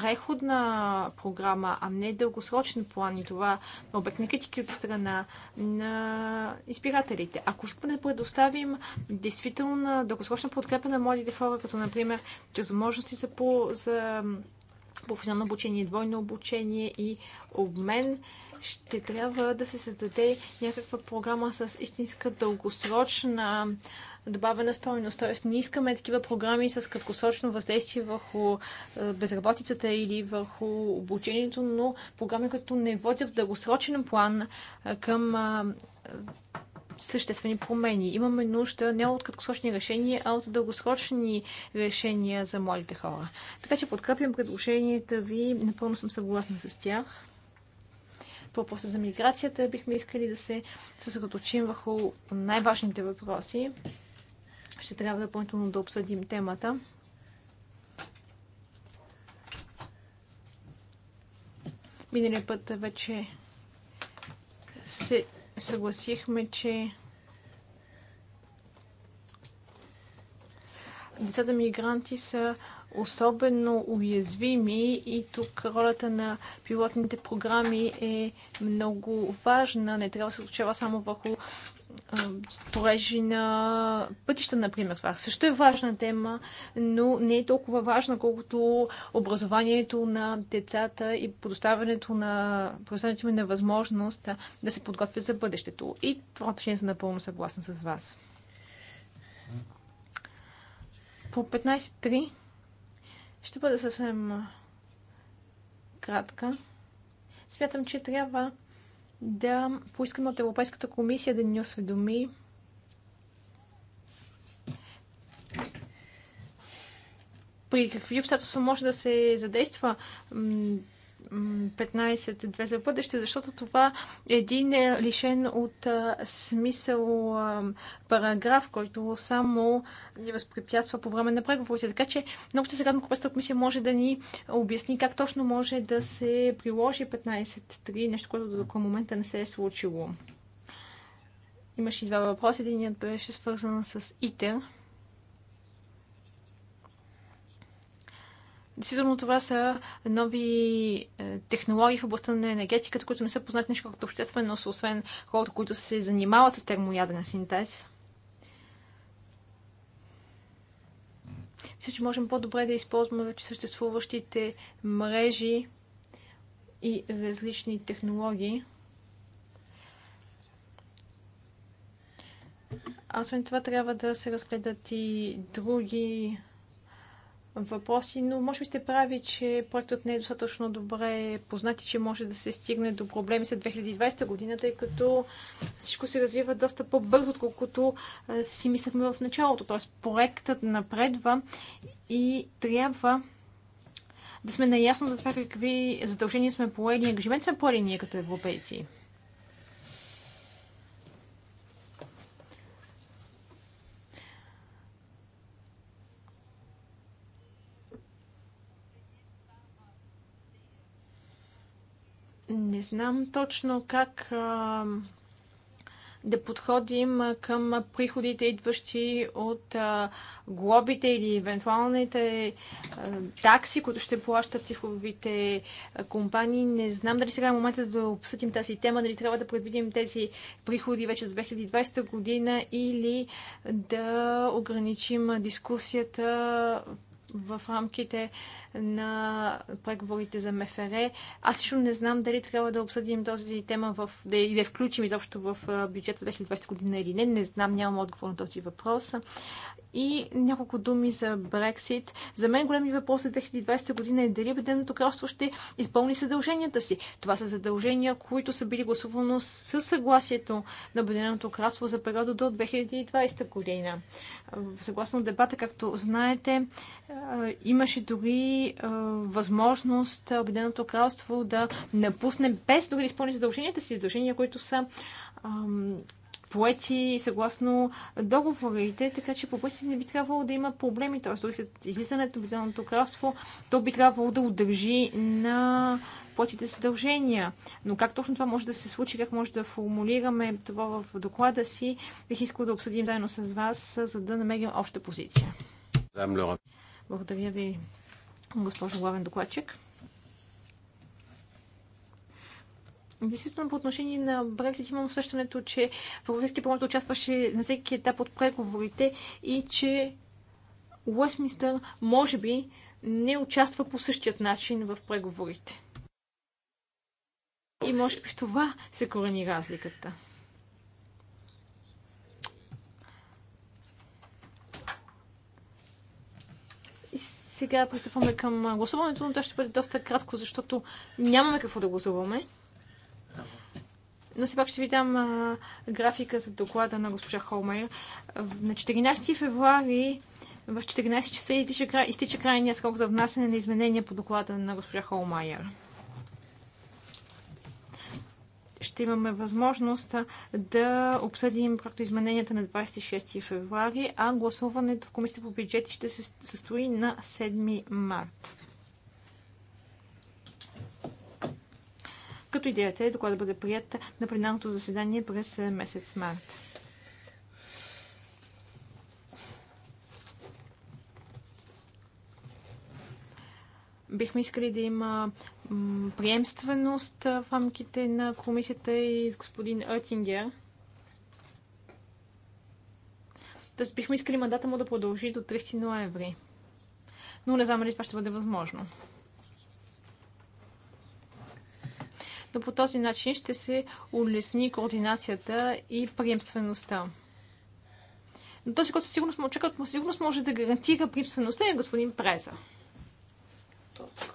преходна програма, а не дългосрочен план и това на обект критики от страна на избирателите. Ако искаме да предоставим действителна дългосрочна подкрепа на младите хора, като например чрез възможности за, по, за професионално обучение, двойно обучение и обмен, ще трябва да се създаде някаква програма с истинска дългосрочна добавена стойност. Тоест, не искаме такива програми с краткосрочно въздействие върху е, безработицата или върху обучението, но програми, които не водят в дългосрочен план е, към е, съществени промени. Имаме нужда не от краткосрочни решения, а от дългосрочни решения за младите хора. Така че подкрепям предложенията ви. Напълно съм съгласна с тях. По въпроса за миграцията бихме искали да се съсредоточим върху най-важните въпроси. Ще трябва допълнително да обсъдим темата. Миналия път вече се съгласихме, че децата мигранти са особено уязвими и тук ролята на пилотните програми е много важна. Не трябва да се случава само върху строежи на пътища, например. Това също е важна тема, но не е толкова важна, колкото образованието на децата и предоставянето на предоставянето на възможност да се подготвят за бъдещето. И това отношение съм напълно съгласна с вас. По 15.3 ще бъда съвсем кратка. Смятам, че трябва да поискаме от Европейската комисия да ни осведоми при какви обстоятелства може да се задейства 15.2 за бъдеще, защото това е един е, лишен от смисъл параграф, който само ни възпрепятства по време на преговорите. Така че много се радвам, Купеста комисия може да ни обясни как точно може да се приложи 15.3, нещо, което до към момента не се е случило. Имаше и два въпроса. Единият беше свързан с ИТЕР. Действително това са нови е, технологии в областта на енергетиката, които не са познати нещо като общественост, освен хората, които се занимават с термоядрен синтез. Мисля, че можем по-добре да използваме вече съществуващите мрежи и различни технологии. А освен това трябва да се разгледат и други въпроси, но може би сте прави, че проектът не е достатъчно добре познат и че може да се стигне до проблеми след 2020 година, тъй като всичко се развива доста по-бързо, отколкото си мислехме в началото. Т.е. проектът напредва и трябва да сме наясно за това какви задължения сме поели и ангажимент сме поели ние като европейци. Не знам точно как а, да подходим към приходите, идващи от а, глобите или евентуалните а, такси, които ще плащат цифровите а, компании. Не знам дали сега е момента да обсъдим тази тема, дали трябва да предвидим тези приходи вече за 2020 година или да ограничим дискусията в рамките на преговорите за МФР. Аз лично не знам дали трябва да обсъдим този тема в, да, и да включим изобщо в бюджета 2020 година или не. Не знам, нямам отговор на този въпрос. И няколко думи за Брексит. За мен големи въпрос за 2020 година е дали Обединеното кралство ще изпълни задълженията си. Това са задължения, които са били гласувано със съгласието на Обединеното кралство за периода до 2020 година. Съгласно дебата, както знаете, имаше дори а, възможност Обединеното кралство да напусне без да изпълни задълженията си, задължения, които са ам, поети съгласно договорите, така че по пъти не би трябвало да има проблеми. Т.е. дори след излизането на Обединеното кралство, то би трябвало да удържи на платите задължения. Но как точно това може да се случи, как може да формулираме това в доклада си, бих искал да обсъдим заедно с вас, за да намерим обща позиция. Благодаря ви, госпожо главен докладчик. Действително по отношение на Брексит имам усещането, че в Европейския парламент участваше на всеки етап от преговорите и че Уестминстър може би не участва по същият начин в преговорите. И може би в това се корени разликата. Сега пристъпваме към гласуването, но то ще бъде доста кратко, защото нямаме какво да гласуваме. Но все пак ще ви дам а, графика за доклада на госпожа Холмейр. На 14 февруари в 14 часа изтича, изтича крайния срок за внасяне на изменения по доклада на госпожа Холмайер ще имаме възможност да обсъдим проекто измененията на 26 февруари, а гласуването в Комисията по бюджети ще се състои на 7 март. Като идеята е доклад да бъде прият на пленарното заседание през месец март. Бихме искали да има приемственост в рамките на комисията и с господин Оттингер. Тоест бихме искали мандата му да продължи до 30 ноември. Но не знам дали това ще бъде възможно. Но по този начин ще се улесни координацията и приемствеността. Но този, който сигурност, сигурност може да гарантира приемствеността е господин Преза тук.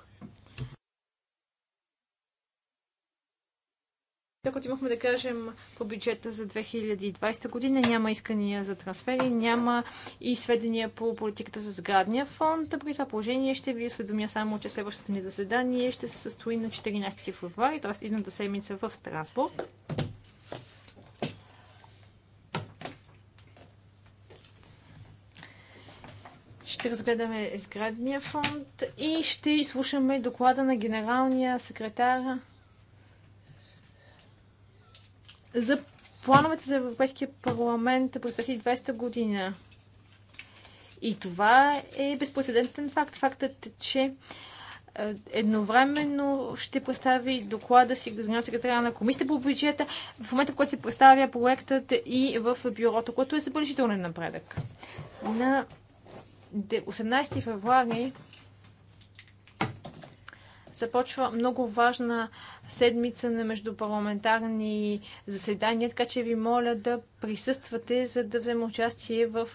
имахме да кажем по бюджета за 2020 година, няма искания за трансфери, няма и сведения по политиката за сградния фонд. При това положение ще ви осведомя само, че следващото ни заседание ще се състои на 14 февруари, т.е. идната седмица в Страсбург. ще разгледаме сградния фонд и ще изслушаме доклада на генералния секретар за плановете за Европейския парламент през 2020 година. И това е безпредседентен факт. Фактът, е, че едновременно ще представи доклада си генерал секретаря на комисията по бюджета, в момента в който се представя проектът и в бюрото, което е забележителен напредък. На 18 февруари започва много важна седмица на междупарламентарни заседания, така че ви моля да присъствате, за да взема участие в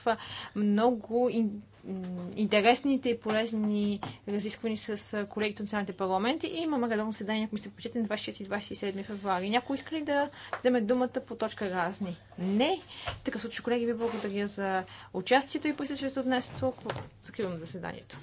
много интересните и полезни разисквани с колегите от националните парламенти и имаме редовно седание, ако ми се почете, на 26 и 27 февруари. Някой иска ли да вземе думата по точка разни? Не. така случай, колеги, ви благодаря за участието и присъствието днес тук. Закривам заседанието.